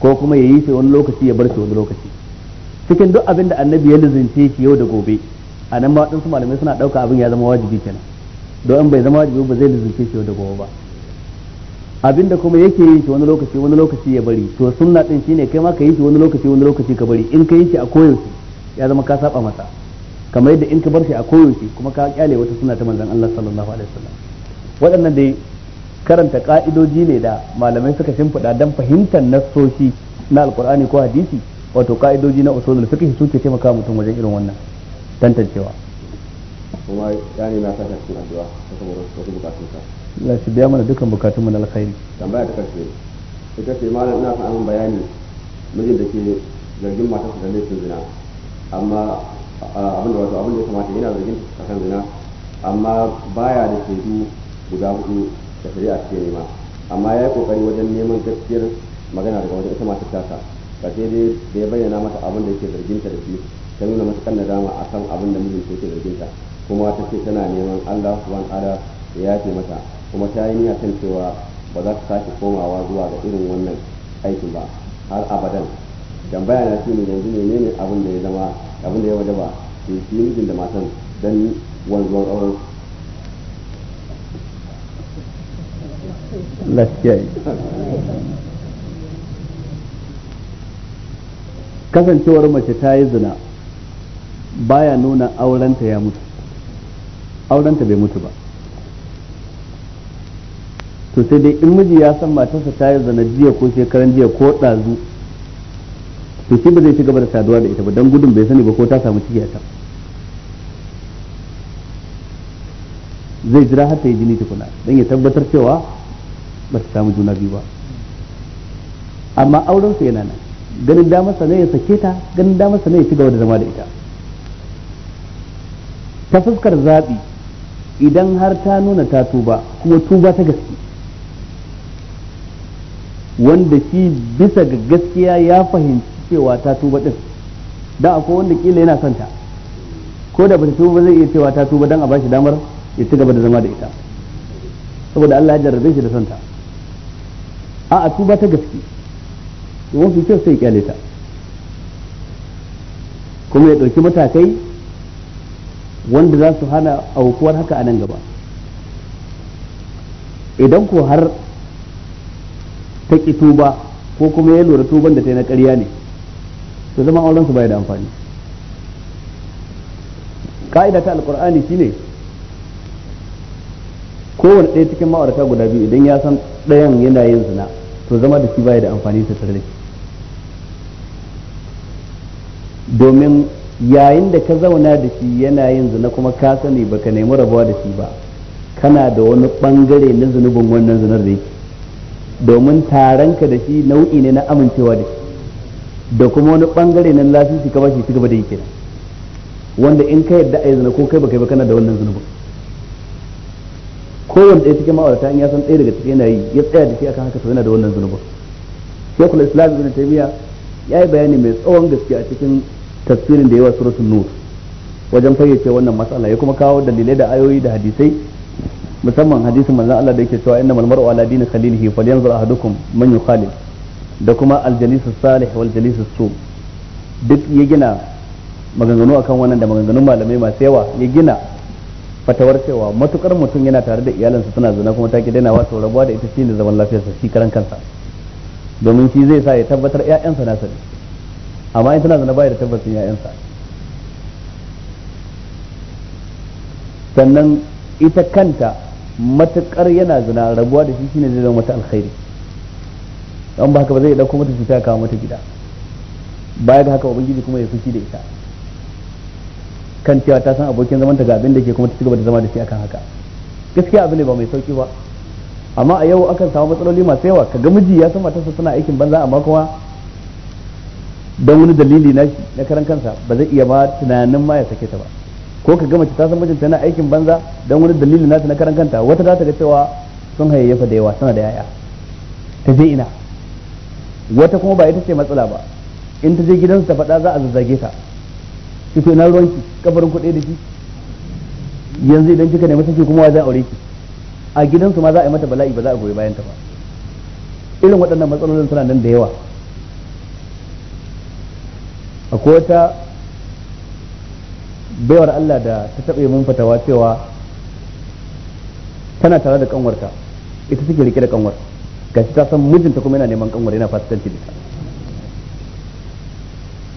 ko kuma ya yi shi wani lokaci ya bar shi wani lokaci cikin duk abin da annabi ya lizince shi yau da gobe a nan ma waɗansu malamai suna ɗauka abin ya zama wajibi kenan don bai zama wajibi ba zai lizince shi yau da gobe ba abinda kuma yake yin shi wani lokaci wani lokaci ya bari to sunna din shine kai ma ka yi shi wani lokaci wani lokaci ka bari in ka yi shi a koyaushe ya zama ka saba masa kamar yadda in ka bar shi a koyaushe kuma ka kyale wata sunna ta manzon Allah sallallahu alaihi wasallam waɗannan dai karanta ka'idoji ne da malamai suka shimfiɗa don fahimtar nassoshi na alqur'ani ko hadisi wato ka'idoji na usulul fiqh su ke taimaka mutum wajen irin wannan tantancewa kuma yani na kasance addu'a saboda wasu bukatun sa Allah shi biya mana dukkan bukatun mu na alkhairi tambaya ta karshe ita ce malam ina son bayani mijin da ke zargin su da laifin zina amma abin da wato abin da ya kamata yana zargin akan zina amma baya da shaidu guda hudu da shari'a cikin nema amma ya yi kokari wajen neman gaskiyar magana daga wajen ita matar tasa ka sai dai da ya bayyana mata abin da yake zargin ta da shi ta nuna kan nadama akan abin da mijinta yake zargin ta kuma ta ce tana neman Allah subhanahu wa ta'ala ya ce mata kuma ta yi niyya kan cewa ba za ka sake komawa zuwa ga irin wannan aikin ba har abadan tambaya bayana shi ne yanzu ne ne abin da ya zama abin da ya ba ke shi mijin da matan dan wanzuwar auren kasancewar mace ta yi zina baya nuna aurenta ya mutu aurenta bai mutu ba to sai dai in miji ya san matarsa ta yi zana jiya ko shekaran jiya ko ɗazu to shi ba zai ci gaba da saduwa da ita ba don gudun bai sani ba ko ta samu ciki a zai jira har ta yi jini tukuna don ya tabbatar cewa ba ta samu juna biyu ba amma auren su yana nan ganin damar sa ne ya sake ta ganin damar sa ne ya ci gaba da zama da ita ta fuskar zaɓi idan har ta nuna ta tuba kuma tuba ta gaske wanda shi bisa ga gaskiya ya fahimci cewa ta tuba din da akwai wanda kila yana son ta ko da bata tuba zai iya cewa ta tuba dan a bashi damar ya ci gaba da zama da ita saboda Allah ya jarrabe shi da son ta a a tuba ta gaske wasu kyau sai kyale ta kuma ya ɗauki matakai wanda za su hana aukuwar haka a nan gaba idan ko har ta ƙi tuba ko kuma ya lura tuban da ta yi na ƙarya ne to zama auren su bai da amfani ka'ida ta alƙur'ani shine kowane ɗaya cikin ma'aurata guda biyu idan ya san ɗayan yana yin zina to zama da shi bai da amfani ta tare domin yayin da ka zauna da shi yana yin zina kuma ka sani baka nemi rabuwa da shi ba kana da wani ɓangare na zunubin wannan zinar da yake domin taranka da shi nau'i ne na amincewa da shi da kuma wani bangare na lasisi ka bashi cigaba da yi kenan wanda in ka yadda a yi zina ko kai baka ba kana da wannan zunubin kowanne ɗaya cikin ma'aurata in ya san ɗaya daga cikin yana yi ya tsaya da shi akan haka to yana da wannan zunubin shekul islam ibn taymiya ya yi bayani mai tsawon gaske a cikin tafsirin da yawa suratul nur wajen fayyace wannan matsala ya kuma kawo dalilai da ayoyi da hadisai musamman hadisin manzon Allah da yake cewa innamal mar'u ala dini khalilihi falyanzur ahadukum man yukhalil da kuma aljalisu salih wal jalisu su duk ya gina maganganu akan wannan da maganganun malamai masu yawa ya gina fatawar cewa matukar mutum yana tare da iyalansa suna zina kuma take daina to rabuwa da ita shine zaman lafiyarsa shi karan kansa domin shi zai sa ya tabbatar ƴaƴansa na sani amma in tana zina baya da tabbacin ƴaƴansa sannan ita kanta matakar yana zina rabuwa da shi shine zai zama mata alkhairi don ba haka ba zai dauko mata cuta kawo mata gida baya ga haka ubangiji kuma ya fushi da ita kan cewa ta san abokin zamanta ga abin da ke kuma ta cigaba da zama da shi akan haka gaskiya abu ne ba mai sauki ba amma a yau akan samu matsaloli masu yawa kaga miji ya san matarsa tana aikin banza amma kuma don wani dalili na shi na karan kansa ba zai iya ba tunanin ma ya sake ta ba ko ka gama ta san mijinta na aikin banza don wani dalili nata na karan kanta wata za ta ga cewa sun hayayyafa da yawa sana da yaya ta je ina wata kuma ba ita ce matsala ba in ta je gidansu ta faɗa za a zazzage ta ki to na ruwanki kabarin kuɗi da shi yanzu idan kika nemi saki kuma zan aure ki a gidansu ma za a yi mata bala'i ba za a goyi bayan ta ba irin waɗannan matsalolin suna nan da yawa akwai wata baiwar Allah da ta taɓa mun fatawa cewa tana tare da kanwarta ita take rike da kanwar gashi ta san mijinta kuma yana neman kanwar yana fasikanci da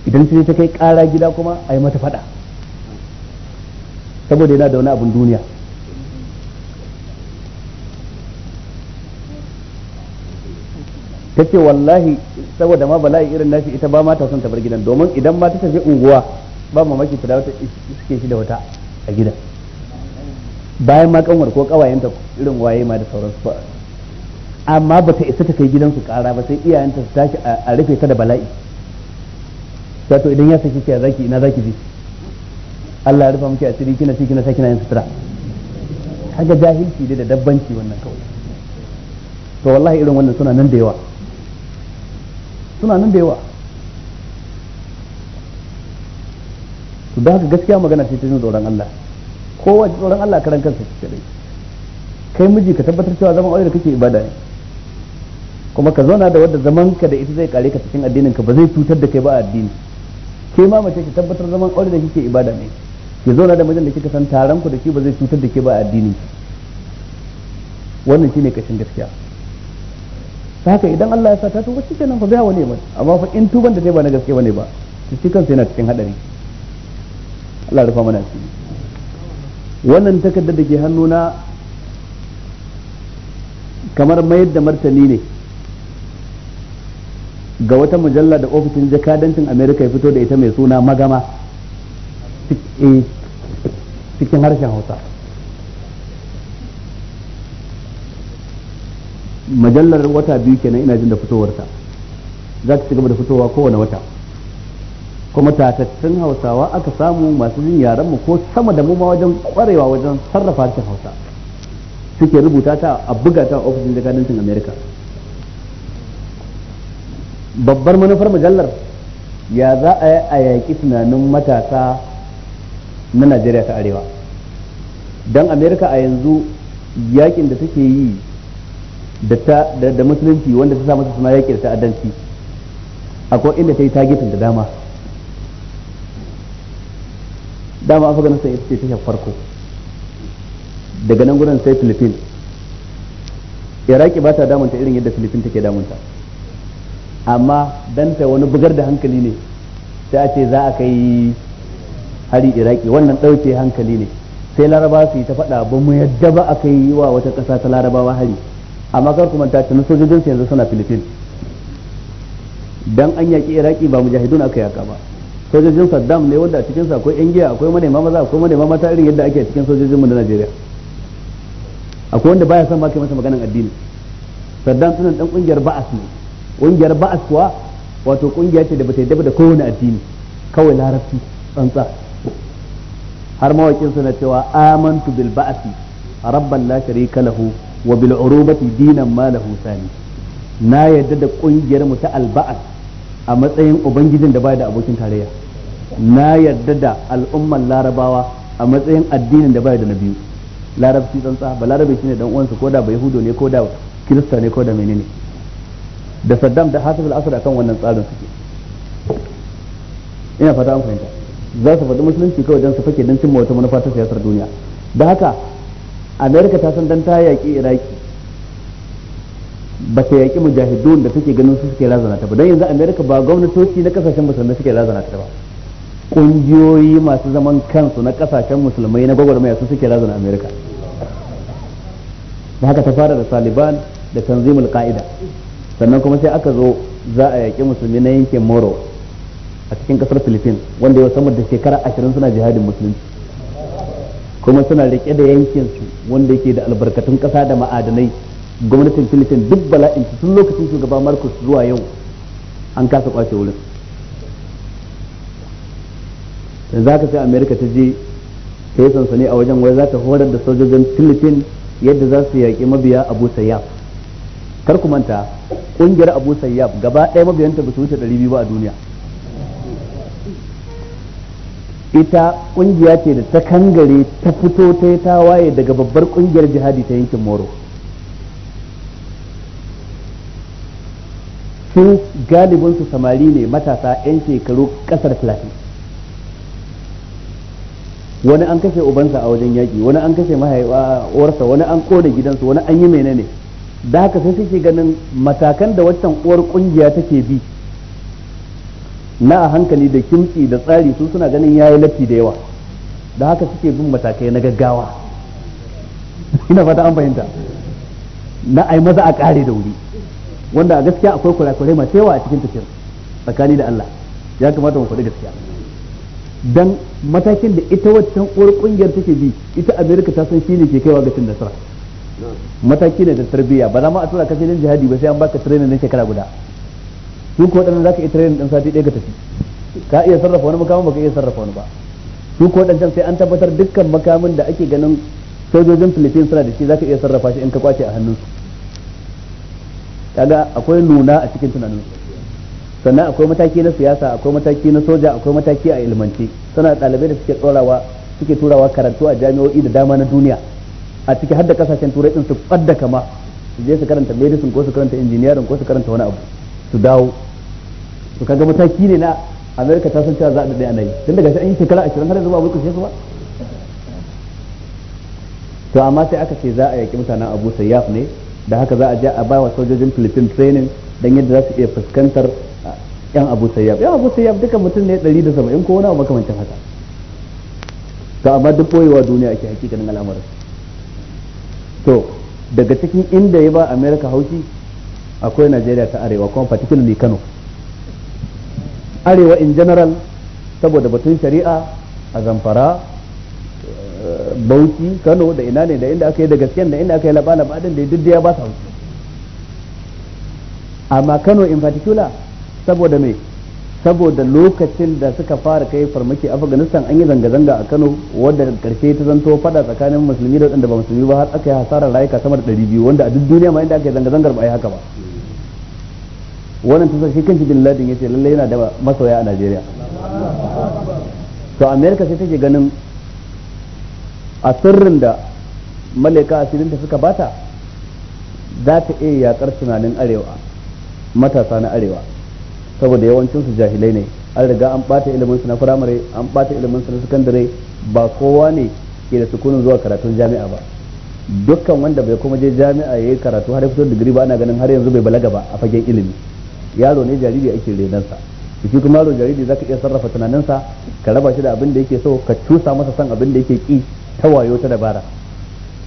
ita idan sai ta kai ƙara gida kuma a yi mata faɗa saboda yana da wani abin duniya ta ce wallahi saboda ma bala'i irin nashi ita ba mata son ta bar gidan domin idan ma ta tafi unguwa ba mamaki ta dawo ta iske shi da wata a gida bayan ma kanwar ko kawayenta irin waye ma da sauransu ba amma ba ta isa ta kai gidansu kara ba sai iyayenta su tashi a rufe ta da bala'i to idan ya saki ki zaki ina zaki bi Allah ya rufa miki asiri kina ci kina saki na yin sutura kaga jahilci da dabbanci wannan kawai to wallahi irin wannan suna nan da yawa suna nan da yawa to da haka gaskiya magana ce ta jin tsoron Allah kowa tsoron Allah karan kansa shi kadai kai miji ka tabbatar cewa zaman aure da kake ibada ne kuma ka zauna da wadda zaman ka da ita zai kare ka cikin addinin ka ba zai cutar da kai ba a addini ke ma mace ki tabbatar zaman aure da kike ibada ne ki zauna da mijin da kika san taron ku da shi ba zai cutar da ke ba a addinin ki wannan shine kashin gaskiya ta haka idan Allah ya sa ta tuba kenan ba biya wani mai amma fa in tuban da zai ba na gaske bane ba shi kansa yana cikin hadari Allah rufa mana su wannan takardar da ke hannuna kamar mayar da martani ne ga wata mujalla da ofishin jakadancin amerika ya fito da ita mai suna magama eh, cikin harshen hausa mujallar wata biyu kenan ina jin da fitowarta za ta ci gaba da fitowa kowane wata kuma tatattun hausawa aka samu masu jin yaren mu ko sama da mu ma wajen kwarewa wajen sarrafa harshen hausa suke rubuta ta a buga ta a ofishin jakadancin america babbar manufar mujallar ya za a yi a yaƙi tunanin matasa na najeriya ta arewa don america a yanzu yakin da take yi da da musulunci wanda ta sa suna yaƙi da ta'addanci akwai inda ta yi tagitin da dama dama sai ita ce farko daga nan gudan sai filifin iraki ba ta damunta irin yadda filifin take damunta amma dan ta wani bugar da hankali ne ta ce za a kai hari iraki wannan dauke hankali ne sai laraba su yi ta faɗa ba mu yadda ba a kai wa wata kasa ta larabawa hari amma kar kuma ta tuni sojojinsu yanzu suna filifin dan an yaƙi iraki ba mujahidun aka yaka ba sojojin Saddam ne wanda a cikin akwai yan giya akwai ma maza akwai ma mata irin yadda ake cikin sojojin mu na Najeriya akwai wanda baya son ba kai masa maganan addini Saddam sunan dan kungiyar Ba'as ne kungiyar Ba'as kuwa wato kungiya ce da bata yadda da kowane addini kawai larabci tsantsa har mawakin suna cewa amantu bil ba'as rabban la sharika lahu wa bil urubati dinan ma lahu na yadda da kungiyar mu ta al ba'as a matsayin ubangijin da bai da abokin tarayya na yarda da al'ummar larabawa a matsayin addinin da bai da na biyu larabci tsantsa ba larabe shine dan uwansa ko da ba ne ko da kirista ne ko da menene da saddam da hasib al-asad akan wannan tsarin suke ina fata an fahimta za su faɗi musulunci kawai don su fake don cimma wata manufa ta siyasar duniya da haka amerika ta san dan ta yaƙi iraki ba ta yaƙi mujahidun da take ganin su suke lazana ta ba don yanzu amerika ba gwamnatoci na kasashen musulmai suke lazana ta ba ƙungiyoyi masu zaman kansu na kasashen musulmai na gwagwarmaya su suke lazana amerika da haka ta fara da taliban da tanzimul ka'ida sannan kuma sai aka zo za a yaƙi musulmi na yankin moro a cikin kasar philippines wanda ya sama da shekara ashirin suna jihadin musulunci kuma suna riƙe da yankinsu wanda yake da albarkatun ƙasa da ma'adanai gwamnatin filifin duk bala'in tun lokacin shugaba marcus zuwa yau an kasa kwace wurin za ka sai America ta je ta yi sansani a wajen wai za ta horar da sojojin filifin yadda za su yaƙi mabiya Abu Sayyaf kar ku manta ƙungiyar Abu Sayyaf gaba ɗaya mabiyanta ba su wuce ɗari biyu ba a duniya ita ƙungiya ce da ta kangare ta fito ta yi tawaye daga babbar ƙungiyar jihadi ta yankin Moro su galibin su samari ne matasa yan shekaru kasar 30 wani an kashe ubansa a wajen yaki wani an kashe mahaifarsa wani an kone gidansu wani an yi menene da haka sai suke ganin matakan da waccan uwar kungiya take bi na a hankali da kimci da tsari su suna ganin yayi latti da yawa da haka suke bin matakai na gaggawa ina fata an fahimta na yi maza a kare da wuri wanda a gaskiya akwai kurakurai masu yawa a cikin tafiyar tsakani da Allah ya kamata mu faɗi gaskiya dan matakin da ita waccan uwar kungiyar take bi ita America ta san shine ke kaiwa ga cin nasara mataki ne da tarbiyya ba za ma a tura ka filin jihadi ba sai an baka training na shekara guda su ko dan zaka iya training dan sati ɗaya ka tafi ka iya sarrafa wani makamin baka iya sarrafa wani ba su ko waɗancan sai an tabbatar dukkan makamin da ake ganin sojojin Philippines suna da shi zaka iya sarrafa shi in ka kwace a hannunsu kaga akwai nuna a cikin tunanin sannan akwai mataki na siyasa akwai mataki na soja akwai mataki a ilmanci suna ɗalibai da suke tsorawa suke turawa karatu a jami'o'i da dama na duniya a ciki har da kasashen turai din su fadda kama su je su karanta medicine ko su karanta engineering ko su karanta wani abu su dawo to kaga mataki ne na america ta san cewa za a daɗe ana tun daga shi an yi shekara ashirin har yanzu ba mulkin shi ba to amma sai aka ce za a yaƙi mutanen abu sayyaf ne da haka za a je a bawa sojojin filifin training dan yadda za su iya fuskantar ah, yan Abu Sayyaf yan Abu Sayyaf duka mutum ne 170 ko wani abu makamancin haka to amma duk boyewa duniya ake hakikanin al'amarin to daga cikin inda ya ba America haushi akwai Najeriya ta arewa kuma particularly Kano arewa in general saboda batun shari'a a Zamfara bauchi kano da ina ne da inda aka yi da gasken da inda aka yi labana ba din da duk ya ba su haushi amma kano in particular saboda me saboda lokacin da suka fara kai farmaki afganistan an yi zanga-zanga a kano wadda karshe ta zanto fada tsakanin musulmi da wadanda ba musulmi ba har aka yi hasarar rayuka sama da ɗari biyu wanda a duk duniya ma inda aka yi zanga-zangar ba a yi haka ba wannan tusar shi kanci bin ladin ya ce lallai yana da masoya a najeriya to america sai take ganin a sirrin da malaika asirin da suka bata za ta iya yakar tunanin arewa matasa na arewa saboda yawancin su jahilai ne an riga an bata ilimin su na firamare an bata ilimin su na sakandare ba kowa ne ke da sukunin zuwa karatun jami'a ba dukkan wanda bai kuma je jami'a ya yi karatu har fito digiri ba ana ganin har yanzu bai balaga ba a fagen ilimi yaro ne jariri ake renansa shi kuma yaro jariri zaka iya sarrafa tunaninsa ka raba shi da abin da yake so ka cusa masa san abin da yake ki ta wayo ta dabara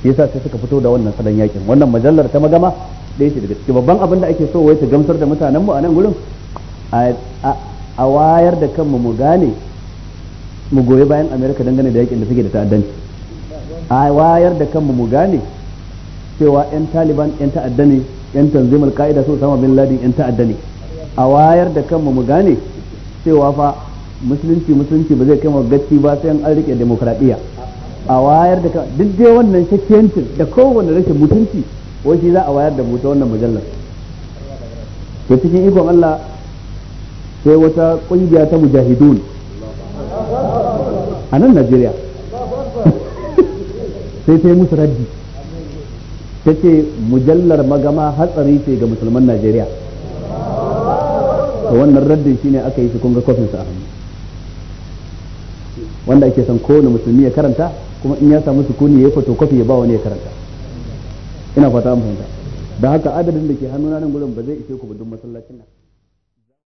yasa sai suka fito da wannan salon yakin wannan majallar ta magama ɗaya ce daga cikin babban abin da ake so wai ta gamsar da mutanen mu a nan gurin a wayar da kanmu mu gane mu goyi bayan amerika dangane da yakin da suke da ta'addanci a wayar da kanmu mu gane cewa yan taliban yan ta'adda ne yan tanzimar ka'ida su sama bin ladin yan ta'adda ne a wayar da kanmu mu gane cewa fa musulunci musulunci ba zai kai mu gaci ba sai an rike demokradiyya a wayar da duk dai wannan shakkiyancin da kowane rashin mutunci wai za a wayar da mutu wannan mujallar Ke cikin ikon Allah sai wata kungiya ta mujahidun a nan Najeriya sai ta yi musu raddi ta ce mujallar magama hatsari ce ga musulman Najeriya to wannan raddin shine aka yi su kunga kofin a hannu wanda ake son kowane musulmi ya karanta kuma in ya samu sukuni ya yi fotokofi ya ba wani ya karanta ina fata an fahimta da haka adadin da ke hannuna nan gurin ba zai ishe ku ba don masallacin nan